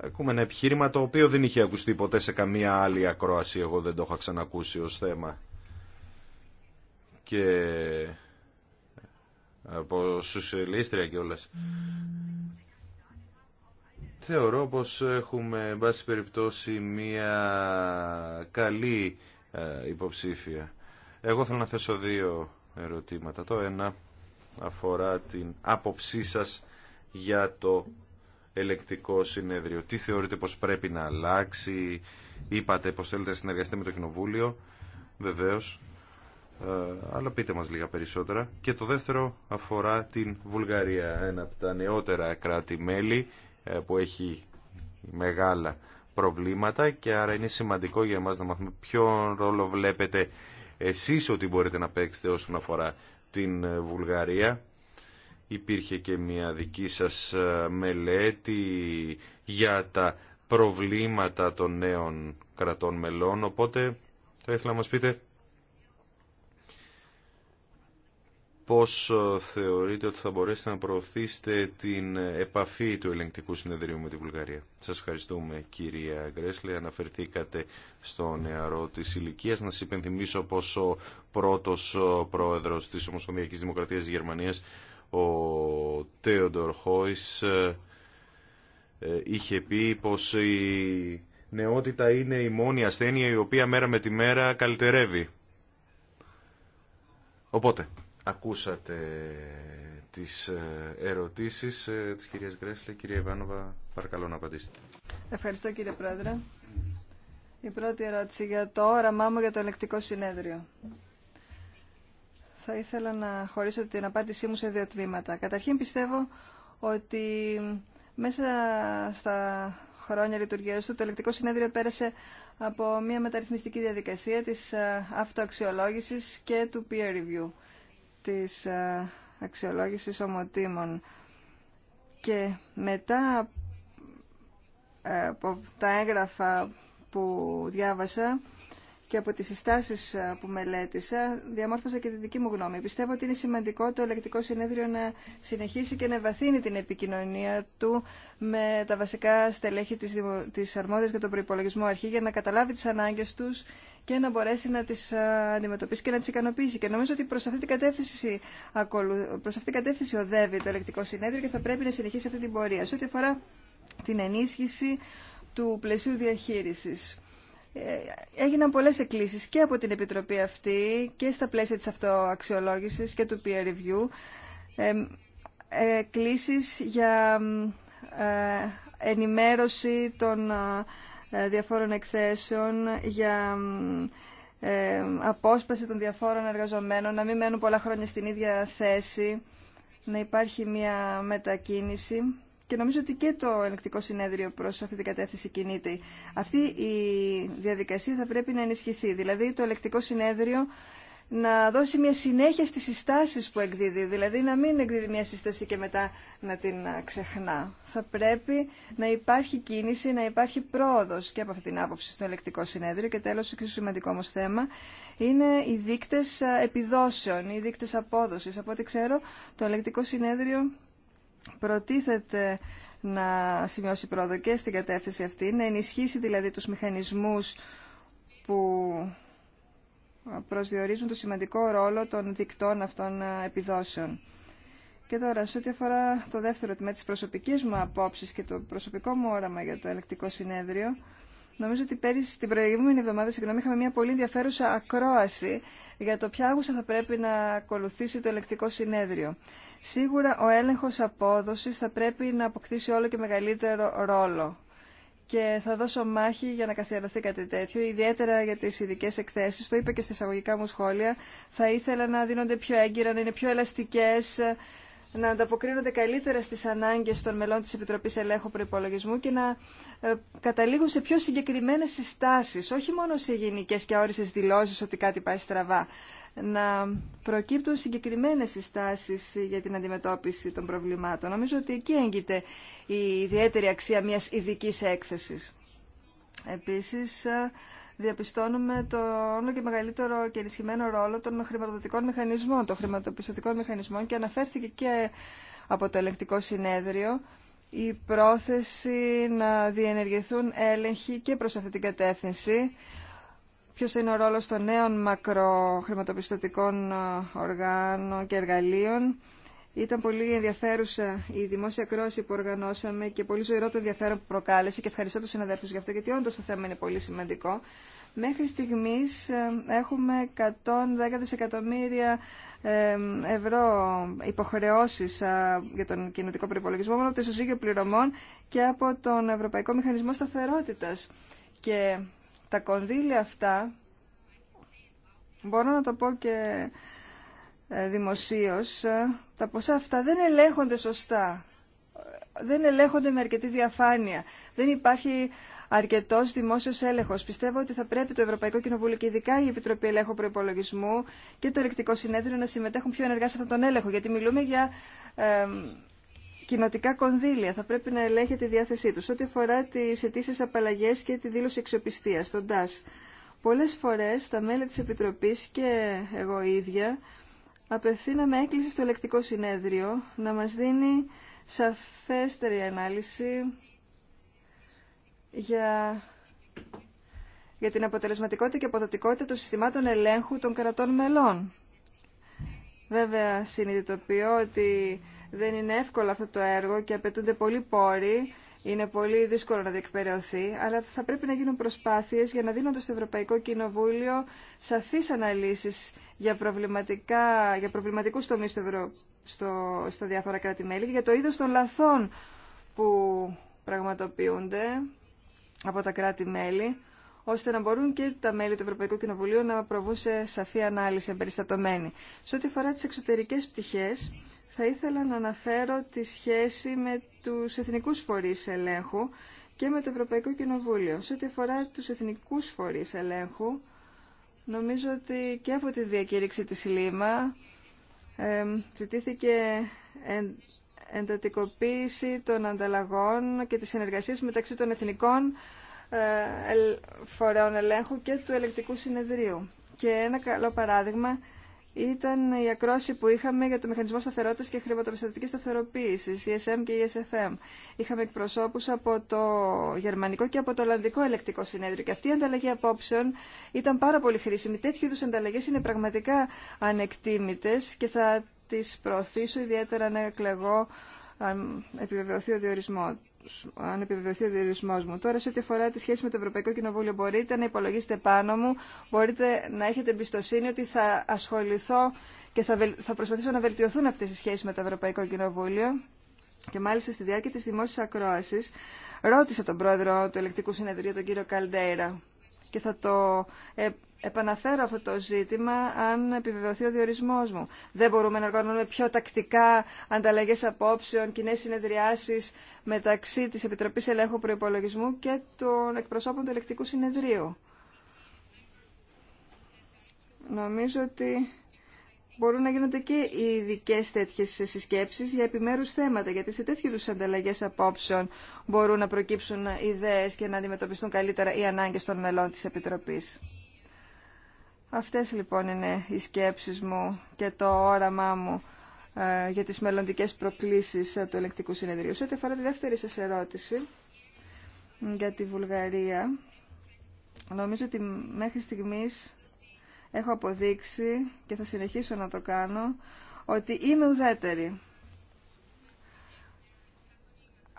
ακούμε ένα επιχείρημα το οποίο δεν είχε ακουστεί ποτέ σε καμία άλλη ακρόαση, εγώ δεν το είχα ξανακούσει ως θέμα. Και από και όλες. Θεωρώ πως έχουμε, εν πάση περιπτώσει, μία καλή ε, υποψήφια. Εγώ θέλω να θέσω δύο ερωτήματα. Το ένα αφορά την άποψή σας για το ελεκτικό συνέδριο. Τι θεωρείτε πως πρέπει να αλλάξει, είπατε πως θέλετε να συνεργαστείτε με το Κοινοβούλιο, βεβαίως ε, αλλά πείτε μας λίγα περισσότερα. Και το δεύτερο αφορά την Βουλγαρία, ένα από τα νεότερα κράτη-μέλη ε, που έχει μεγάλα προβλήματα και άρα είναι σημαντικό για εμάς να μάθουμε ποιον ρόλο βλέπετε εσείς ότι μπορείτε να παίξετε όσον αφορά την ε, Βουλγαρία. Υπήρχε και μια δική σας μελέτη για τα προβλήματα των νέων κρατών μελών, οπότε θα ήθελα να μας πείτε πώς ε, θεωρείτε ότι θα μπορέσετε να προωθήσετε την επαφή του ελεγκτικού συνεδρίου με τη Βουλγαρία. Σας ευχαριστούμε κυρία Γκρέσλε. Αναφερθήκατε στο νεαρό της ηλικία. Να σας υπενθυμίσω πως ο πρώτος ε, πρόεδρος της Ομοσπονδιακής Δημοκρατίας της Γερμανίας, ο Τέοντορ Χόις, ε, είχε πει πως η νεότητα είναι η μόνη ασθένεια η οποία μέρα με τη μέρα καλυτερεύει. Οπότε, Ακούσατε τις ε, ερωτήσεις ε, της κυρίας Γκρέσλε. Κυρία Ιβάνοβα, παρακαλώ να απαντήσετε. Ευχαριστώ κύριε Πρόεδρε. Η πρώτη ερώτηση για το όραμά μου για το ελεκτικό συνέδριο. Θα ήθελα να χωρίσω την απάντησή μου σε δύο τμήματα. Καταρχήν πιστεύω ότι μέσα στα χρόνια λειτουργίας του το ελεκτικό συνέδριο πέρασε από μια μεταρρυθμιστική διαδικασία της ε, αυτοαξιολόγησης και του peer review της ε, αξιολόγησης ομοτήμων και μετά ε, από τα έγγραφα που διάβασα και από τις συστάσεις ε, που μελέτησα διαμόρφωσα και τη δική μου γνώμη. Πιστεύω ότι είναι σημαντικό το ελεκτικό συνέδριο να συνεχίσει και να βαθύνει την επικοινωνία του με τα βασικά στελέχη της, της αρμόδιας για τον προϋπολογισμό αρχή για να καταλάβει τις ανάγκες τους και να μπορέσει να τις ε, αντιμετωπίσει και να τις ικανοποιήσει. Και νομίζω ότι προς αυτή την κατεύθυνση, προς αυτή την κατεύθυνση οδεύει το ελεκτικό συνέδριο και θα πρέπει να συνεχίσει αυτή την πορεία. Σε ό,τι αφορά την ενίσχυση του πλαισίου διαχείρισης ε, έγιναν πολλές εκκλήσεις και από την Επιτροπή αυτή και στα πλαίσια της αυτοαξιολόγησης και του peer review ε, εκκλήσεις για ε, ενημέρωση των διαφόρων εκθέσεων, για απόσπαση των διαφόρων εργαζομένων, να μην μένουν πολλά χρόνια στην ίδια θέση, να υπάρχει μια μετακίνηση και νομίζω ότι και το ελεκτικό συνέδριο προ αυτή την κατεύθυνση κινείται. Αυτή η διαδικασία θα πρέπει να ενισχυθεί. Δηλαδή το ελεκτικό συνέδριο να δώσει μια συνέχεια στις συστάσει που εκδίδει, δηλαδή να μην εκδίδει μια σύσταση και μετά να την ξεχνά. Θα πρέπει να υπάρχει κίνηση, να υπάρχει πρόοδος και από αυτή την άποψη στο ελεκτικό συνέδριο και τέλος, εξίσου σημαντικό όμως θέμα, είναι οι δείκτες επιδόσεων, οι δείκτες απόδοση. Από ό,τι ξέρω, το ελεκτικό συνέδριο προτίθεται να σημειώσει πρόοδο και στην κατεύθυνση αυτή, να ενισχύσει δηλαδή τους μηχανισμούς που προσδιορίζουν το σημαντικό ρόλο των δικτών αυτών επιδόσεων. Και τώρα, σε ό,τι αφορά το δεύτερο τμήμα της προσωπικής μου απόψης και το προσωπικό μου όραμα για το ελεκτικό συνέδριο, Νομίζω ότι πέρυσι, την προηγούμενη εβδομάδα, συγγνώμη, είχαμε μια πολύ ενδιαφέρουσα ακρόαση για το ποια άγουσα θα πρέπει να ακολουθήσει το ελεκτικό συνέδριο. Σίγουρα ο έλεγχος απόδοσης θα πρέπει να αποκτήσει όλο και μεγαλύτερο ρόλο και θα δώσω μάχη για να καθιερωθεί κάτι τέτοιο, ιδιαίτερα για τι ειδικέ εκθέσει. Το είπα και στα εισαγωγικά μου σχόλια. Θα ήθελα να δίνονται πιο έγκυρα, να είναι πιο ελαστικέ, να ανταποκρίνονται καλύτερα στις ανάγκες των μελών της Επιτροπής Ελέγχου Προϋπολογισμού και να ε, καταλήγουν σε πιο συγκεκριμένες συστάσεις, όχι μόνο σε γενικές και όρισες δηλώσεις ότι κάτι πάει στραβά, να προκύπτουν συγκεκριμένες συστάσεις για την αντιμετώπιση των προβλημάτων. Νομίζω ότι εκεί έγκυται η ιδιαίτερη αξία μιας ειδική έκθεσης. Επίσης, ε, διαπιστώνουμε το όλο και μεγαλύτερο και ενισχυμένο ρόλο των χρηματοδοτικών μηχανισμών, των χρηματοπιστωτικών μηχανισμών και αναφέρθηκε και από το ελεγκτικό συνέδριο η πρόθεση να διενεργηθούν έλεγχοι και προς αυτή την κατεύθυνση. Ποιος είναι ο ρόλος των νέων μακροχρηματοπιστωτικών ε, οργάνων και εργαλείων ήταν πολύ ενδιαφέρουσα η δημόσια κρόση που οργανώσαμε και πολύ ζωηρό το ενδιαφέρον που προκάλεσε και ευχαριστώ τους συναδέλφους για αυτό γιατί όντως το θέμα είναι πολύ σημαντικό. Μέχρι στιγμής ε, έχουμε 110 δισεκατομμύρια ε, ευρώ υποχρεώσεις για τον κοινωτικό προϋπολογισμό από το ισοζύγιο πληρωμών και από τον Ευρωπαϊκό Μηχανισμό Σταθερότητας. Και τα κονδύλια αυτά, μπορώ να το πω και ε, δημοσίως, ε, τα ποσά αυτά δεν ελέγχονται σωστά. Δεν ελέγχονται με αρκετή διαφάνεια. Δεν υπάρχει αρκετό δημόσιο έλεγχο. Πιστεύω ότι θα πρέπει το Ευρωπαϊκό Κοινοβούλιο και ειδικά η Επιτροπή Ελέγχου Προπολογισμού και το Ελεκτικό Συνέδριο να συμμετέχουν πιο ενεργά σε αυτόν τον έλεγχο. Γιατί μιλούμε για ε, κοινοτικά κονδύλια. Θα πρέπει να ελέγχεται η διάθεσή του. Ό,τι αφορά τι αιτήσει απαλλαγέ και τη δήλωση αξιοπιστία, τον ΤΑΣ. Πολλέ φορέ τα μέλη τη Επιτροπή και εγώ ίδια απευθύναμε έκκληση στο ελεκτικό συνέδριο να μας δίνει σαφέστερη ανάλυση για, για την αποτελεσματικότητα και αποδοτικότητα των συστημάτων ελέγχου των κρατών μελών. Βέβαια, συνειδητοποιώ ότι δεν είναι εύκολο αυτό το έργο και απαιτούνται πολλοί πόροι. Είναι πολύ δύσκολο να διεκπαιρεωθεί, αλλά θα πρέπει να γίνουν προσπάθειες για να δίνονται στο Ευρωπαϊκό Κοινοβούλιο σαφείς αναλύσεις για, προβληματικά, για προβληματικούς τομείς στο Ευρω... στο... στα διάφορα κράτη-μέλη, για το είδος των λαθών που πραγματοποιούνται από τα κράτη-μέλη, ώστε να μπορούν και τα μέλη του Ευρωπαϊκού Κοινοβουλίου να προβούν σε σαφή ανάλυση εμπεριστατωμένη. Σε ό,τι αφορά τις εξωτερικές πτυχές, θα ήθελα να αναφέρω τη σχέση με τους εθνικούς φορείς ελέγχου και με το Ευρωπαϊκό Κοινοβούλιο. Σε ό,τι αφορά τους εθνικούς φορείς ελέγχου, Νομίζω ότι και από τη διακήρυξη της Λίμα ζητήθηκε εντατικοποίηση των ανταλλαγών και της συνεργασίας μεταξύ των εθνικών ε, φορέων ελέγχου και του ελεκτικού συνεδρίου. Και ένα καλό παράδειγμα ήταν η ακρόση που είχαμε για το Μηχανισμό Σταθερότητα και Χρηματοπιστωτική Σταθεροποίηση, ESM και ESFM. Είχαμε εκπροσώπου από το Γερμανικό και από το Ολλανδικό Ελεκτικό Συνέδριο. Και αυτή η ανταλλαγή απόψεων ήταν πάρα πολύ χρήσιμη. Τέτοιου είδου ανταλλαγέ είναι πραγματικά ανεκτήμητε και θα τι προωθήσω ιδιαίτερα να εκλεγώ, αν επιβεβαιωθεί ο διορισμό αν επιβεβαιωθεί ο διορισμό μου. Τώρα, σε ό,τι αφορά τη σχέση με το Ευρωπαϊκό Κοινοβούλιο, μπορείτε να υπολογίσετε πάνω μου, μπορείτε να έχετε εμπιστοσύνη ότι θα ασχοληθώ και θα, θα προσπαθήσω να βελτιωθούν αυτέ οι σχέσει με το Ευρωπαϊκό Κοινοβούλιο. Και μάλιστα στη διάρκεια τη δημόσια ακρόαση, ρώτησα τον πρόεδρο του Ελεκτικού Συνεδρίου, τον κύριο Καλντέιρα, και θα το ε, επαναφέρω αυτό το ζήτημα αν επιβεβαιωθεί ο διορισμός μου. Δεν μπορούμε να οργανώνουμε πιο τακτικά ανταλλαγές απόψεων, κοινέ συνεδριάσεις μεταξύ της Επιτροπής Ελέγχου Προϋπολογισμού και των εκπροσώπων του Ελεκτικού Συνεδρίου. Νομίζω ότι μπορούν να γίνονται και οι ειδικέ τέτοιε συσκέψει για επιμέρου θέματα. Γιατί σε τέτοιου είδου ανταλλαγέ απόψεων μπορούν να προκύψουν ιδέε και να αντιμετωπιστούν καλύτερα οι ανάγκε των μελών τη Επιτροπή. Αυτές λοιπόν είναι οι σκέψεις μου και το όραμά μου ε, για τις μελλοντικές προκλήσεις ε, του ελεκτικού συνεδρίου. Σε ό,τι αφορά τη δεύτερη σας ερώτηση για τη Βουλγαρία, νομίζω ότι μέχρι στιγμής έχω αποδείξει και θα συνεχίσω να το κάνω ότι είμαι ουδέτερη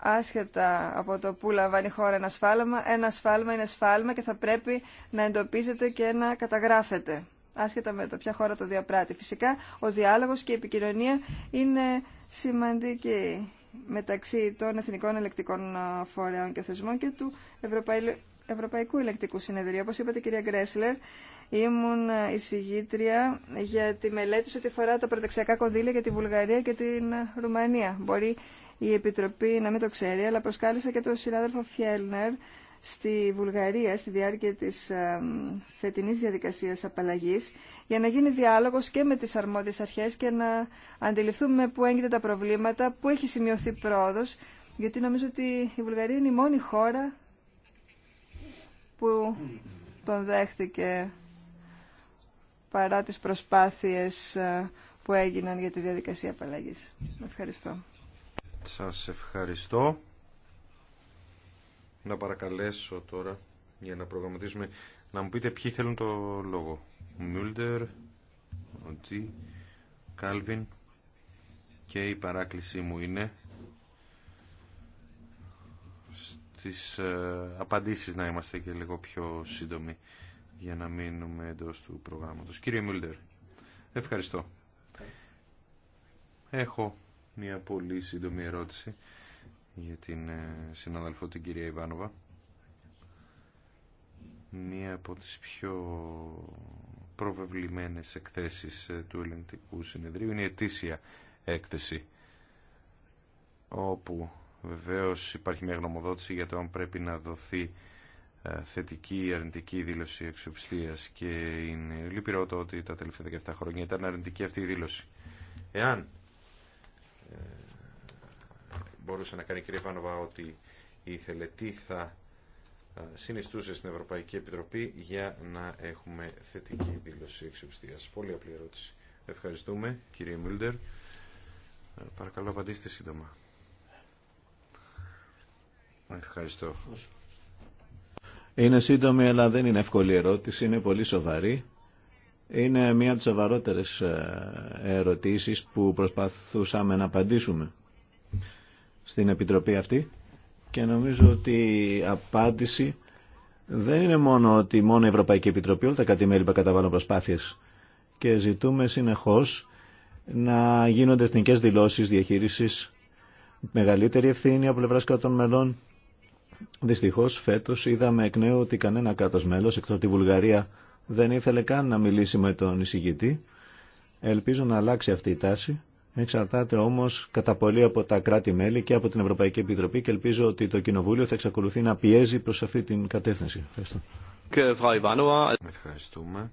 άσχετα από το που λαμβάνει η χώρα ένα σφάλμα, ένα σφάλμα είναι σφάλμα και θα πρέπει να εντοπίζεται και να καταγράφεται, άσχετα με το ποια χώρα το διαπράττει. Φυσικά, ο διάλογος και η επικοινωνία είναι σημαντική μεταξύ των εθνικών ελεκτικών φορέων και θεσμών και του Ευρωπαϊκού Ελεκτικού Συνεδρίου. Όπως είπατε, κυρία Γκρέσλερ, ήμουν εισηγήτρια για τη μελέτη σε ό,τι αφορά τα πρωτεξιακά κονδύλια για τη Βουλγαρία και την Ρουμανία. Μπορεί η Επιτροπή να μην το ξέρει, αλλά προσκάλεσα και τον συνάδελφο Φιέλνερ στη Βουλγαρία στη διάρκεια της ε, φετινής διαδικασίας απαλλαγής για να γίνει διάλογος και με τις αρμόδιες αρχές και να αντιληφθούμε πού έγινε τα προβλήματα, πού έχει σημειωθεί πρόοδος, γιατί νομίζω ότι η Βουλγαρία είναι η μόνη χώρα που τον δέχτηκε παρά τις προσπάθειες ε, που έγιναν για τη διαδικασία απαλλαγής. Ευχαριστώ. Σας ευχαριστώ. Να παρακαλέσω τώρα για να προγραμματίσουμε να μου πείτε ποιοι θέλουν το λόγο. Μιούλτερ, ο Τζι, Κάλβιν και η παράκλησή μου είναι στις ε, απαντήσεις να είμαστε και λίγο πιο σύντομοι για να μείνουμε εντό του προγράμματος. Κύριε Μιούλτερ, ευχαριστώ. Έχω μια πολύ σύντομη ερώτηση για την ε, συναδελφό την κυρία Ιβάνοβα. Μία από τις πιο προβεβλημένες εκθέσεις ε, του Ελληνικού Συνεδρίου είναι η ετήσια έκθεση όπου βεβαίως υπάρχει μια γνωμοδότηση για το αν πρέπει να δοθεί ε, θετική ή αρνητική δήλωση εξοπιστίας και είναι λυπηρό το ότι τα τελευταία 17 χρόνια ήταν αρνητική αυτή η δήλωση. Εάν ε, μπορούσε να κάνει η κυρία Βάνοβα ότι ήθελε τι θα ε, συνιστούσε στην Ευρωπαϊκή Επιτροπή για να έχουμε θετική δήλωση εξοπιστίας. Πολύ απλή ερώτηση. Ευχαριστούμε κύριε Μίλντερ. Ε, παρακαλώ απαντήστε σύντομα. Ευχαριστώ. Είναι σύντομη αλλά δεν είναι εύκολη ερώτηση, είναι πολύ σοβαρή είναι μία από τις σοβαρότερες ε, ερωτήσεις που προσπαθούσαμε να απαντήσουμε στην Επιτροπή αυτή και νομίζω ότι η απάντηση δεν είναι μόνο ότι μόνο η Ευρωπαϊκή Επιτροπή όλα τα που καταβάλουν προσπάθειες και ζητούμε συνεχώς να γίνονται εθνικέ δηλώσει, διαχείριση. μεγαλύτερη ευθύνη από πλευρά κρατών μελών. Δυστυχώ, φέτο, είδαμε εκ νέου ότι κανένα κράτο μέλο, εκτό από τη Βουλγαρία δεν ήθελε καν να μιλήσει με τον εισηγητή. Ελπίζω να αλλάξει αυτή η τάση. Εξαρτάται όμω κατά πολύ από τα κράτη-μέλη και από την Ευρωπαϊκή Επιτροπή και ελπίζω ότι το Κοινοβούλιο θα εξακολουθεί να πιέζει προ αυτή την κατεύθυνση. Ευχαριστώ. Ευχαριστούμε.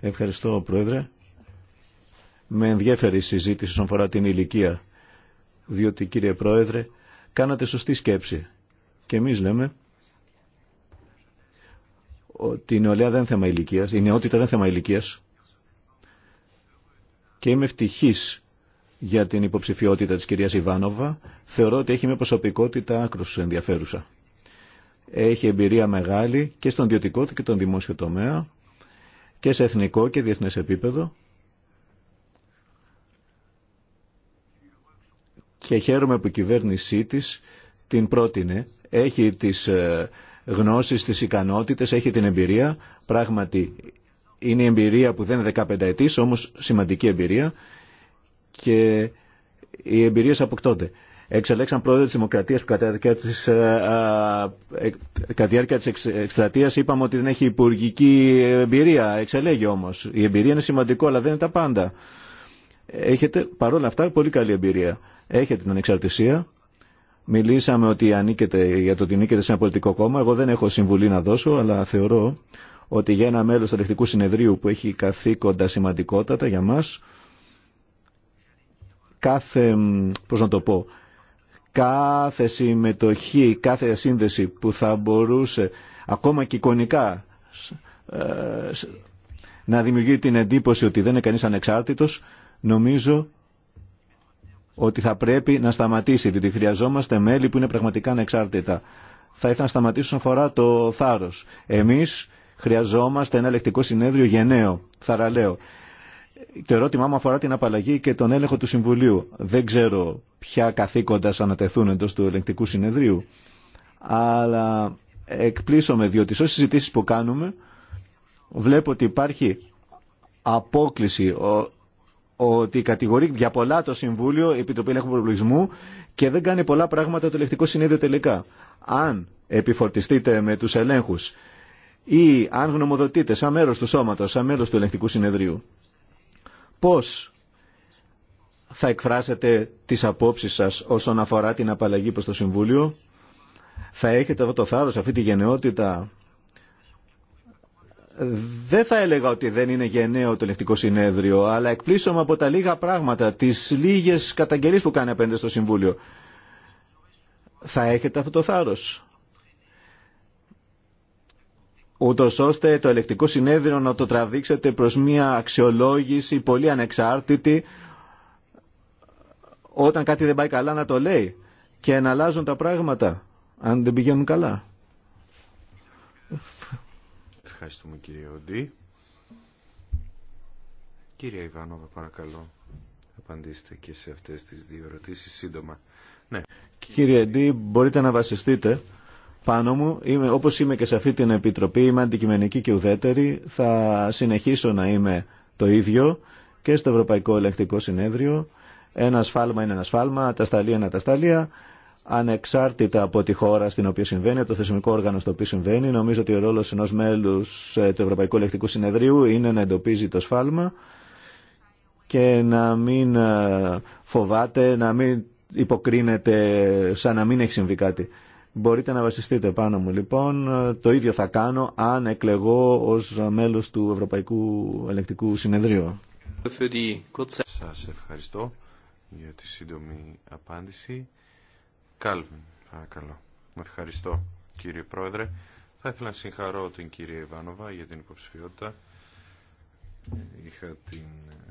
Ευχαριστώ, Πρόεδρε. Με ενδιαφέρει η συζήτηση όσον αφορά την ηλικία, διότι, κύριε Πρόεδρε, κάνατε σωστή σκέψη. Και εμείς λέμε ότι η νεολαία δεν είναι θέμα ηλικία, η νεότητα δεν είναι θέμα ηλικία Και είμαι ευτυχή για την υποψηφιότητα τη κυρία Ιβάνοβα. Θεωρώ ότι έχει μια προσωπικότητα άκρως ενδιαφέρουσα. Έχει εμπειρία μεγάλη και στον ιδιωτικό και τον δημόσιο τομέα και σε εθνικό και διεθνές επίπεδο. Και χαίρομαι που η κυβέρνησή της την πρότεινε. Έχει τις ε, γνώσεις, τις ικανότητες, έχει την εμπειρία. Πράγματι είναι η εμπειρία που δεν είναι 15 ετή, όμως σημαντική εμπειρία και οι εμπειρίες αποκτώνται. Εξελέξαν πρόεδρο της Δημοκρατίας που κατά τη διάρκεια της ε, ε, εκστρατείας είπαμε ότι δεν έχει υπουργική εμπειρία. Εξελέγει όμως. Η εμπειρία είναι σημαντικό αλλά δεν είναι τα πάντα. Έχετε παρόλα αυτά πολύ καλή εμπειρία. Έχετε την ανεξαρτησία Μιλήσαμε ότι ανήκετε, για το ότι νίκετε σε ένα πολιτικό κόμμα. Εγώ δεν έχω συμβουλή να δώσω, αλλά θεωρώ ότι για ένα μέλος του ελεκτικού συνεδρίου που έχει καθήκοντα σημαντικότατα για μας, κάθε, πώς να το πω, κάθε συμμετοχή, κάθε σύνδεση που θα μπορούσε ακόμα και εικονικά ε, να δημιουργεί την εντύπωση ότι δεν είναι κανείς ανεξάρτητος, νομίζω ότι θα πρέπει να σταματήσει, διότι χρειαζόμαστε μέλη που είναι πραγματικά ανεξάρτητα. Θα ήθελα να σταματήσω αφορά το θάρρο. Εμεί χρειαζόμαστε ένα ελεκτικό συνέδριο γενναίο, θαραλέο. Το ερώτημά μου αφορά την απαλλαγή και τον έλεγχο του Συμβουλίου. Δεν ξέρω ποια καθήκοντα ανατεθούν εντό του ελεκτικού συνεδρίου, αλλά εκπλήσωμαι διότι σε συζητήσει που κάνουμε βλέπω ότι υπάρχει απόκληση ότι κατηγορεί για πολλά το Συμβούλιο, η Επιτροπή Ελέγχου Προβλησμού και δεν κάνει πολλά πράγματα το ελεκτικό συνέδριο τελικά. Αν επιφορτιστείτε με τους ελέγχους ή αν γνωμοδοτείτε σαν μέρος του σώματος, σαν μέλος του ελεκτικού συνεδρίου, πώς θα εκφράσετε τις απόψεις σας όσον αφορά την απαλλαγή προς το Συμβούλιο, θα έχετε αυτό το θάρρος, αυτή τη γενναιότητα δεν θα έλεγα ότι δεν είναι γενναίο το ελεκτικό συνέδριο, αλλά εκπλήσωμαι από τα λίγα πράγματα, τις λίγες καταγγελίες που κάνει απέναντι στο Συμβούλιο. Θα έχετε αυτό το θάρρος. Ούτω ώστε το ελεκτικό συνέδριο να το τραβήξετε προς μια αξιολόγηση πολύ ανεξάρτητη, όταν κάτι δεν πάει καλά να το λέει και να αλλάζουν τα πράγματα, αν δεν πηγαίνουν καλά. Ευχαριστούμε κύριε Οντή. Κύριε Ιβάνοβα, παρακαλώ, απαντήστε και σε αυτές τις δύο ερωτήσεις σύντομα. Ναι. Κύριε Ντί, μπορείτε να βασιστείτε πάνω μου. Είμαι, όπως είμαι και σε αυτή την Επιτροπή, είμαι αντικειμενική και ουδέτερη. Θα συνεχίσω να είμαι το ίδιο και στο Ευρωπαϊκό Ελεκτικό Συνέδριο. Ένα σφάλμα είναι ένα σφάλμα, τα σταλία είναι τα σταλία ανεξάρτητα από τη χώρα στην οποία συμβαίνει, το θεσμικό όργανο στο οποίο συμβαίνει. Νομίζω ότι ο ρόλο ενό μέλου ε, του Ευρωπαϊκού Ελεκτικού Συνεδρίου είναι να εντοπίζει το σφάλμα και να μην ε, φοβάται, να μην υποκρίνεται σαν να μην έχει συμβεί κάτι. Μπορείτε να βασιστείτε πάνω μου λοιπόν. Ε, το ίδιο θα κάνω αν εκλεγώ ω μέλο του Ευρωπαϊκού Ελεκτικού Συνεδρίου. Σα ευχαριστώ για τη σύντομη απάντηση. Κάλβιν, παρακαλώ. Ευχαριστώ κύριε Πρόεδρε. Θα ήθελα να συγχαρώ την κυρία Ιβάνοβα για την υποψηφιότητα. Είχα την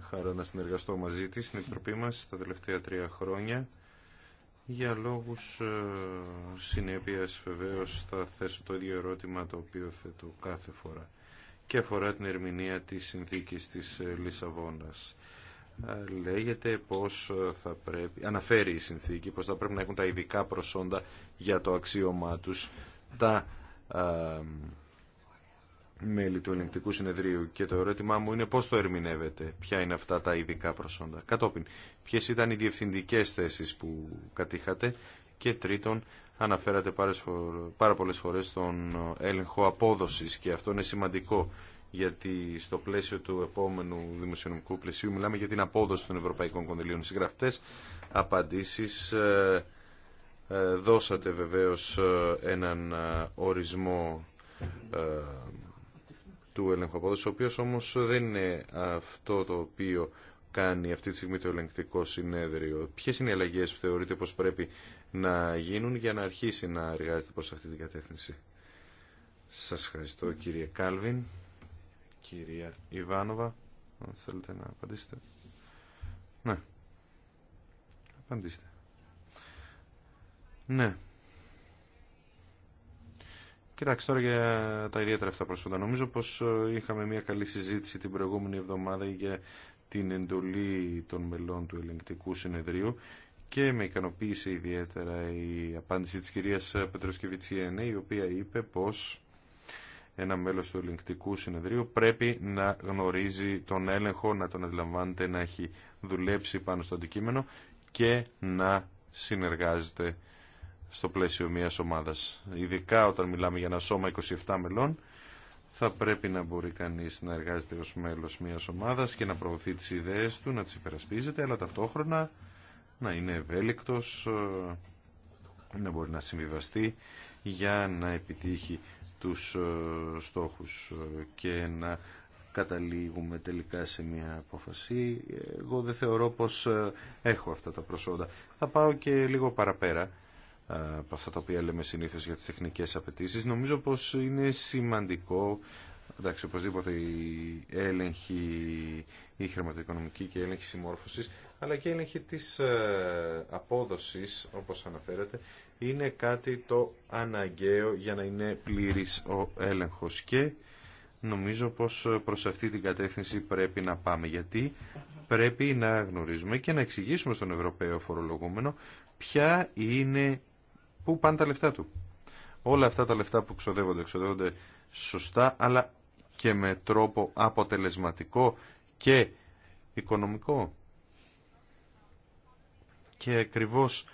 χαρά να συνεργαστώ μαζί της στην Επιτροπή μας τα τελευταία τρία χρόνια. Για λόγους ε, συνέπειας βεβαίως θα θέσω το ίδιο ερώτημα το οποίο θέτω κάθε φορά και αφορά την ερμηνεία της συνθήκης της ε, Λισαβόνας λέγεται πως θα πρέπει, αναφέρει η συνθήκη πως θα πρέπει να έχουν τα ειδικά προσόντα για το αξίωμά τους τα α, μέλη του ελεγκτικού συνεδρίου και το ερώτημά μου είναι πώς το ερμηνεύετε. ποια είναι αυτά τα ειδικά προσόντα. Κατόπιν, ποιες ήταν οι διευθυντικές θέσεις που κατήχατε και τρίτον, αναφέρατε πάρα πολλές φορές τον έλεγχο απόδοσης και αυτό είναι σημαντικό γιατί στο πλαίσιο του επόμενου δημοσιονομικού πλαισίου μιλάμε για την απόδοση των ευρωπαϊκών κονδυλίων. Συγγραφτές απαντήσεις ε, ε, δώσατε βεβαίως ε, έναν ορισμό του έλεγχου απόδοσης, ο οποίος όμως δεν είναι αυτό το οποίο κάνει αυτή τη στιγμή το ελεγκτικό συνέδριο. Ποιες είναι οι αλλαγές που θεωρείτε πως πρέπει να γίνουν για να αρχίσει να εργάζεται προς αυτή την κατεύθυνση. Σας ευχαριστώ κύριε Κάλβιν κυρία Ιβάνοβα. Αν θέλετε να απαντήσετε. Ναι. Απαντήστε. Ναι. Κοιτάξτε τώρα για τα ιδιαίτερα αυτά προσφόντα. Νομίζω πως ε, είχαμε μια καλή συζήτηση την προηγούμενη εβδομάδα για την εντολή των μελών του ελεγκτικού συνεδρίου και με ικανοποίησε ιδιαίτερα η απάντηση της κυρίας Πετροσκεβιτσιένη, η οποία είπε πως ένα μέλος του ελεγκτικού συνεδρίου πρέπει να γνωρίζει τον έλεγχο, να τον αντιλαμβάνεται, να έχει δουλέψει πάνω στο αντικείμενο και να συνεργάζεται στο πλαίσιο μια ομάδα. Ειδικά όταν μιλάμε για ένα σώμα 27 μελών, θα πρέπει να μπορεί κανείς να εργάζεται ως μέλος μιας ομάδας και να προωθεί τις ιδέες του, να τι υπερασπίζεται, αλλά ταυτόχρονα να είναι ευέλικτο, ε, να μπορεί να συμβιβαστεί για να επιτύχει τους ε, στόχους ε, και να καταλήγουμε τελικά σε μια απόφαση. Εγώ δεν θεωρώ πως ε, έχω αυτά τα προσόντα. Θα πάω και λίγο παραπέρα από αυτά τα οποία λέμε συνήθως για τις τεχνικές απαιτήσεις. Νομίζω πως είναι σημαντικό Εντάξει, οπωσδήποτε η έλεγχη, η χρηματοοικονομική και η έλεγχη συμμόρφωση, αλλά και η έλεγχη της ε, απόδοσης, όπως αναφέρατε, είναι κάτι το αναγκαίο για να είναι πλήρης ο έλεγχος και νομίζω πως προ αυτή την κατεύθυνση πρέπει να πάμε, γιατί πρέπει να γνωρίζουμε και να εξηγήσουμε στον Ευρωπαίο φορολογούμενο ποια είναι, πού πάνε τα λεφτά του. Όλα αυτά τα λεφτά που ξοδεύονται, ξοδεύονται σωστά, αλλά και με τρόπο αποτελεσματικό και οικονομικό. Και ακριβώς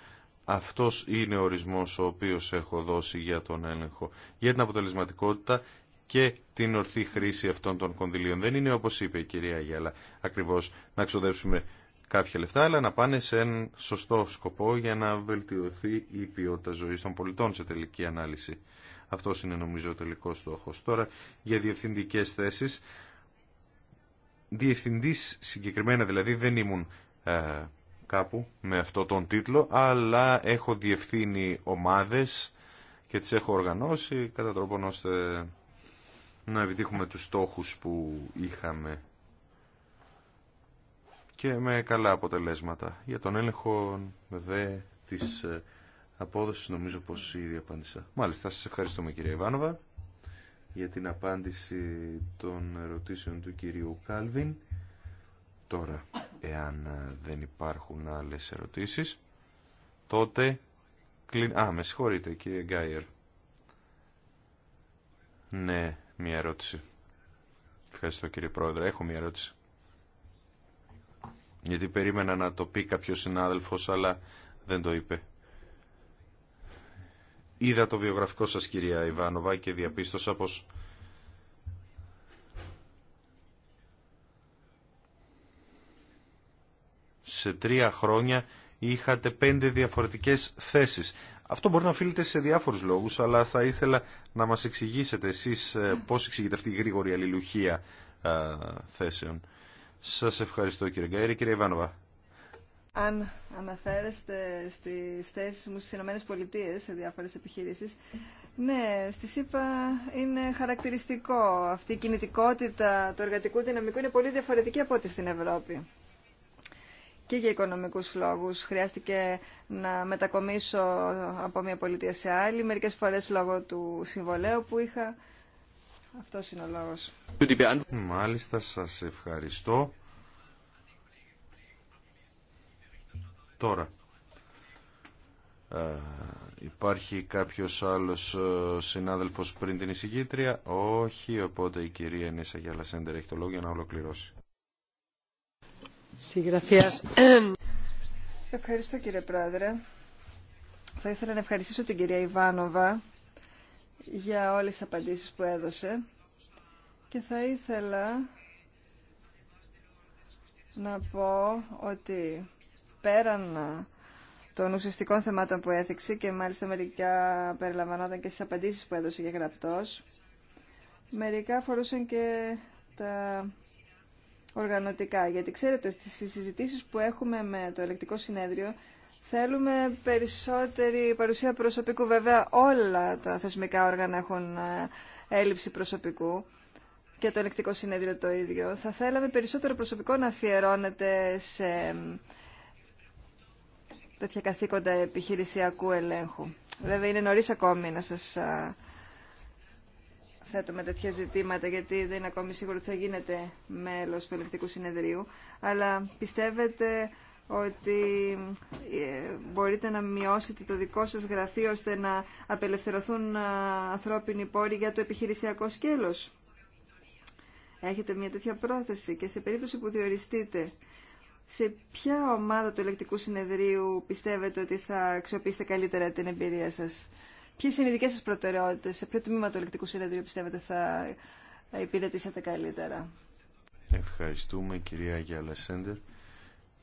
αυτός είναι ο ορισμός ο οποίος έχω δώσει για τον έλεγχο, για την αποτελεσματικότητα και την ορθή χρήση αυτών των κονδυλίων. Δεν είναι όπως είπε η κυρία Γιάλα ακριβώς να ξοδέψουμε κάποια λεφτά, αλλά να πάνε σε έναν σωστό σκοπό για να βελτιωθεί η ποιότητα ζωής των πολιτών σε τελική ανάλυση. Αυτό είναι νομίζω ο τελικός στόχος. Τώρα για διευθυντικέ θέσει. Διευθυντή συγκεκριμένα δηλαδή δεν ήμουν ε, κάπου με αυτό τον τίτλο, αλλά έχω διευθύνει ομάδες και τι έχω οργανώσει κατά τρόπον ώστε να επιτύχουμε τους στόχους που είχαμε και με καλά αποτελέσματα. Για τον έλεγχο δε της ε, απόδοσης νομίζω πως ήδη απάντησα. Μάλιστα, σας ευχαριστούμε κύριε Ιβάνοβα για την απάντηση των ερωτήσεων του κυρίου Κάλβιν. Τώρα, εάν ε, δεν υπάρχουν άλλες ερωτήσεις, τότε... Κλει... Α, με συγχωρείτε κύριε Γκάιερ. Ναι, μια ερώτηση. Ευχαριστώ κύριε Πρόεδρε. Έχω μια ερώτηση γιατί περίμενα να το πει κάποιος συνάδελφος αλλά δεν το είπε. Είδα το βιογραφικό σας κυρία Ιβάνοβα και διαπίστωσα πως σε τρία χρόνια είχατε πέντε διαφορετικές θέσεις. Αυτό μπορεί να οφείλεται σε διάφορους λόγους, αλλά θα ήθελα να μας εξηγήσετε εσείς ε, πώς εξηγείται αυτή η γρήγορη αλληλουχία ε, θέσεων. Σας ευχαριστώ κύριε Γκάιρη. Κύριε Ιβάνοβα. Αν αναφέρεστε στις θέσεις μου στι Ηνωμένε Πολιτείε σε διάφορε επιχειρήσεις, ναι, στη ΣΥΠΑ είναι χαρακτηριστικό. Αυτή η κινητικότητα του εργατικού δυναμικού είναι πολύ διαφορετική από ό,τι στην Ευρώπη. Και για οικονομικούς λόγους χρειάστηκε να μετακομίσω από μια πολιτεία σε άλλη, μερικές φορές λόγω του συμβολέου που είχα αυτό είναι ο λόγο. Μάλιστα, σα ευχαριστώ. Τώρα, ε, υπάρχει κάποιος άλλος ε, συνάδελφος πριν την εισηγήτρια. Όχι, οπότε η κυρία Νίσα Γιαλασέντερ έχει το λόγο για να ολοκληρώσει. Ευχαριστώ κύριε Πρόεδρε. Θα ήθελα να ευχαριστήσω την κυρία Ιβάνοβα για όλες τις απαντήσεις που έδωσε και θα ήθελα να πω ότι πέραν των ουσιαστικών θεμάτων που έθιξε και μάλιστα μερικά περιλαμβανόταν και στις απαντήσεις που έδωσε για γραπτός, μερικά αφορούσαν και τα οργανωτικά. Γιατί ξέρετε στις συζητήσεις που έχουμε με το ελεκτικό συνέδριο Θέλουμε περισσότερη παρουσία προσωπικού. Βέβαια όλα τα θεσμικά όργανα έχουν ε, έλλειψη προσωπικού και το ελεκτικό συνέδριο το ίδιο. Θα θέλαμε περισσότερο προσωπικό να αφιερώνεται σε τέτοια καθήκοντα επιχειρησιακού ελέγχου. Βέβαια είναι νωρίς ακόμη να σας θέτουμε τέτοια ζητήματα, γιατί δεν είναι ακόμη σίγουρο ότι θα γίνετε μέλος του ελεκτικού συνεδρίου. Αλλά πιστεύετε ότι ε, μπορείτε να μειώσετε το δικό σας γραφείο ώστε να απελευθερωθούν ε, ανθρώπινοι πόροι για το επιχειρησιακό σκέλος. Έχετε μια τέτοια πρόθεση και σε περίπτωση που διοριστείτε, σε ποια ομάδα του ελεκτικού συνεδρίου πιστεύετε ότι θα αξιοποιήσετε καλύτερα την εμπειρία σας. Ποιες είναι οι δικές σας προτεραιότητες, σε ποιο τμήμα του ελεκτικού συνεδρίου πιστεύετε θα υπηρετήσετε καλύτερα. Ευχαριστούμε κυρία Γιάλα Σέντερ.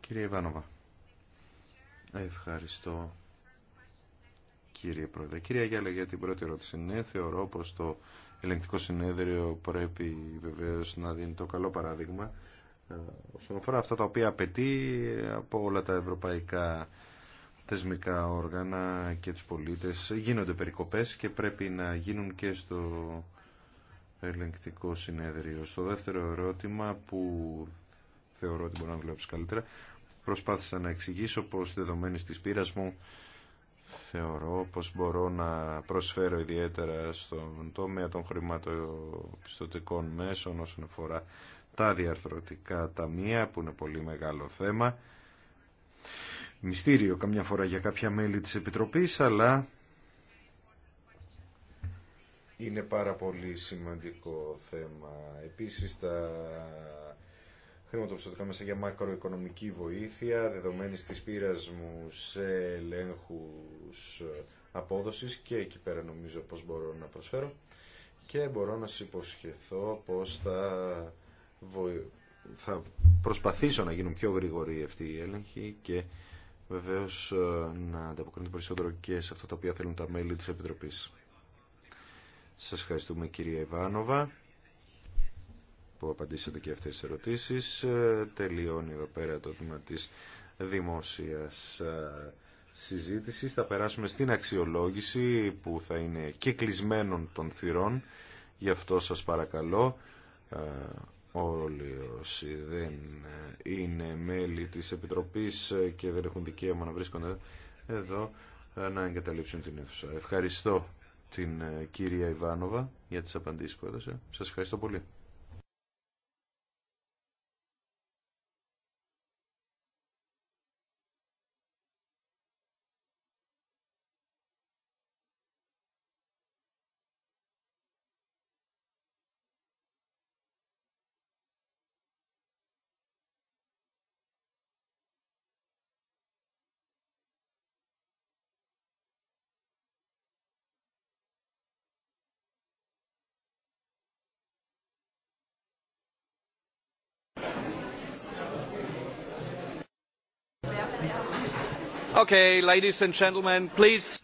Κύριε Ιβάνοβα. Ευχαριστώ κύριε Πρόεδρε. Κυρία Αγιάλα, για την πρώτη ερώτηση. Ναι, θεωρώ πως το ελεγκτικό συνέδριο πρέπει βεβαίως να δίνει το καλό παράδειγμα ε, όσον αφορά αυτά τα οποία απαιτεί από όλα τα ευρωπαϊκά θεσμικά όργανα και τους πολίτες. Γίνονται περικοπές και πρέπει να γίνουν και στο ελεγκτικό συνέδριο. Στο δεύτερο ερώτημα που θεωρώ ότι μπορώ να καλύτερα Προσπάθησα να εξηγήσω πως δεδομένης της πείρας μου θεωρώ πως μπορώ να προσφέρω ιδιαίτερα στον τομέα των χρηματοπιστωτικών μέσων όσον αφορά τα διαρθρωτικά ταμεία που είναι πολύ μεγάλο θέμα. Μυστήριο καμιά φορά για κάποια μέλη της Επιτροπής αλλά είναι πάρα πολύ σημαντικό θέμα. Επίσης τα χρηματοπιστωτικά μέσα για μακροοικονομική βοήθεια, δεδομένης της πείρα μου σε ελέγχου ε, απόδοση και εκεί πέρα νομίζω πως μπορώ να προσφέρω και μπορώ να σα υποσχεθώ πως θα, θα προσπαθήσω να γίνουν πιο γρήγοροι αυτοί οι έλεγχοι και βεβαίω ε, να ανταποκρίνονται περισσότερο και σε αυτά τα οποία θέλουν τα μέλη της Επιτροπής. Σας ευχαριστούμε κυρία Ιβάνοβα που απαντήσατε και αυτές τις ερωτήσεις. Ε, τελειώνει εδώ πέρα το τμήμα της δημόσιας ε, συζήτησης. Θα περάσουμε στην αξιολόγηση που θα είναι και των θυρών. Γι' αυτό σας παρακαλώ ε, όλοι όσοι δεν είναι μέλη της Επιτροπής και δεν έχουν δικαίωμα να βρίσκονται εδώ να εγκαταλείψουν την αίθουσα. Ευχαριστώ την κυρία Ιβάνοβα για τις απαντήσεις που έδωσε. Σας ευχαριστώ πολύ. Okay, ladies and gentlemen, please.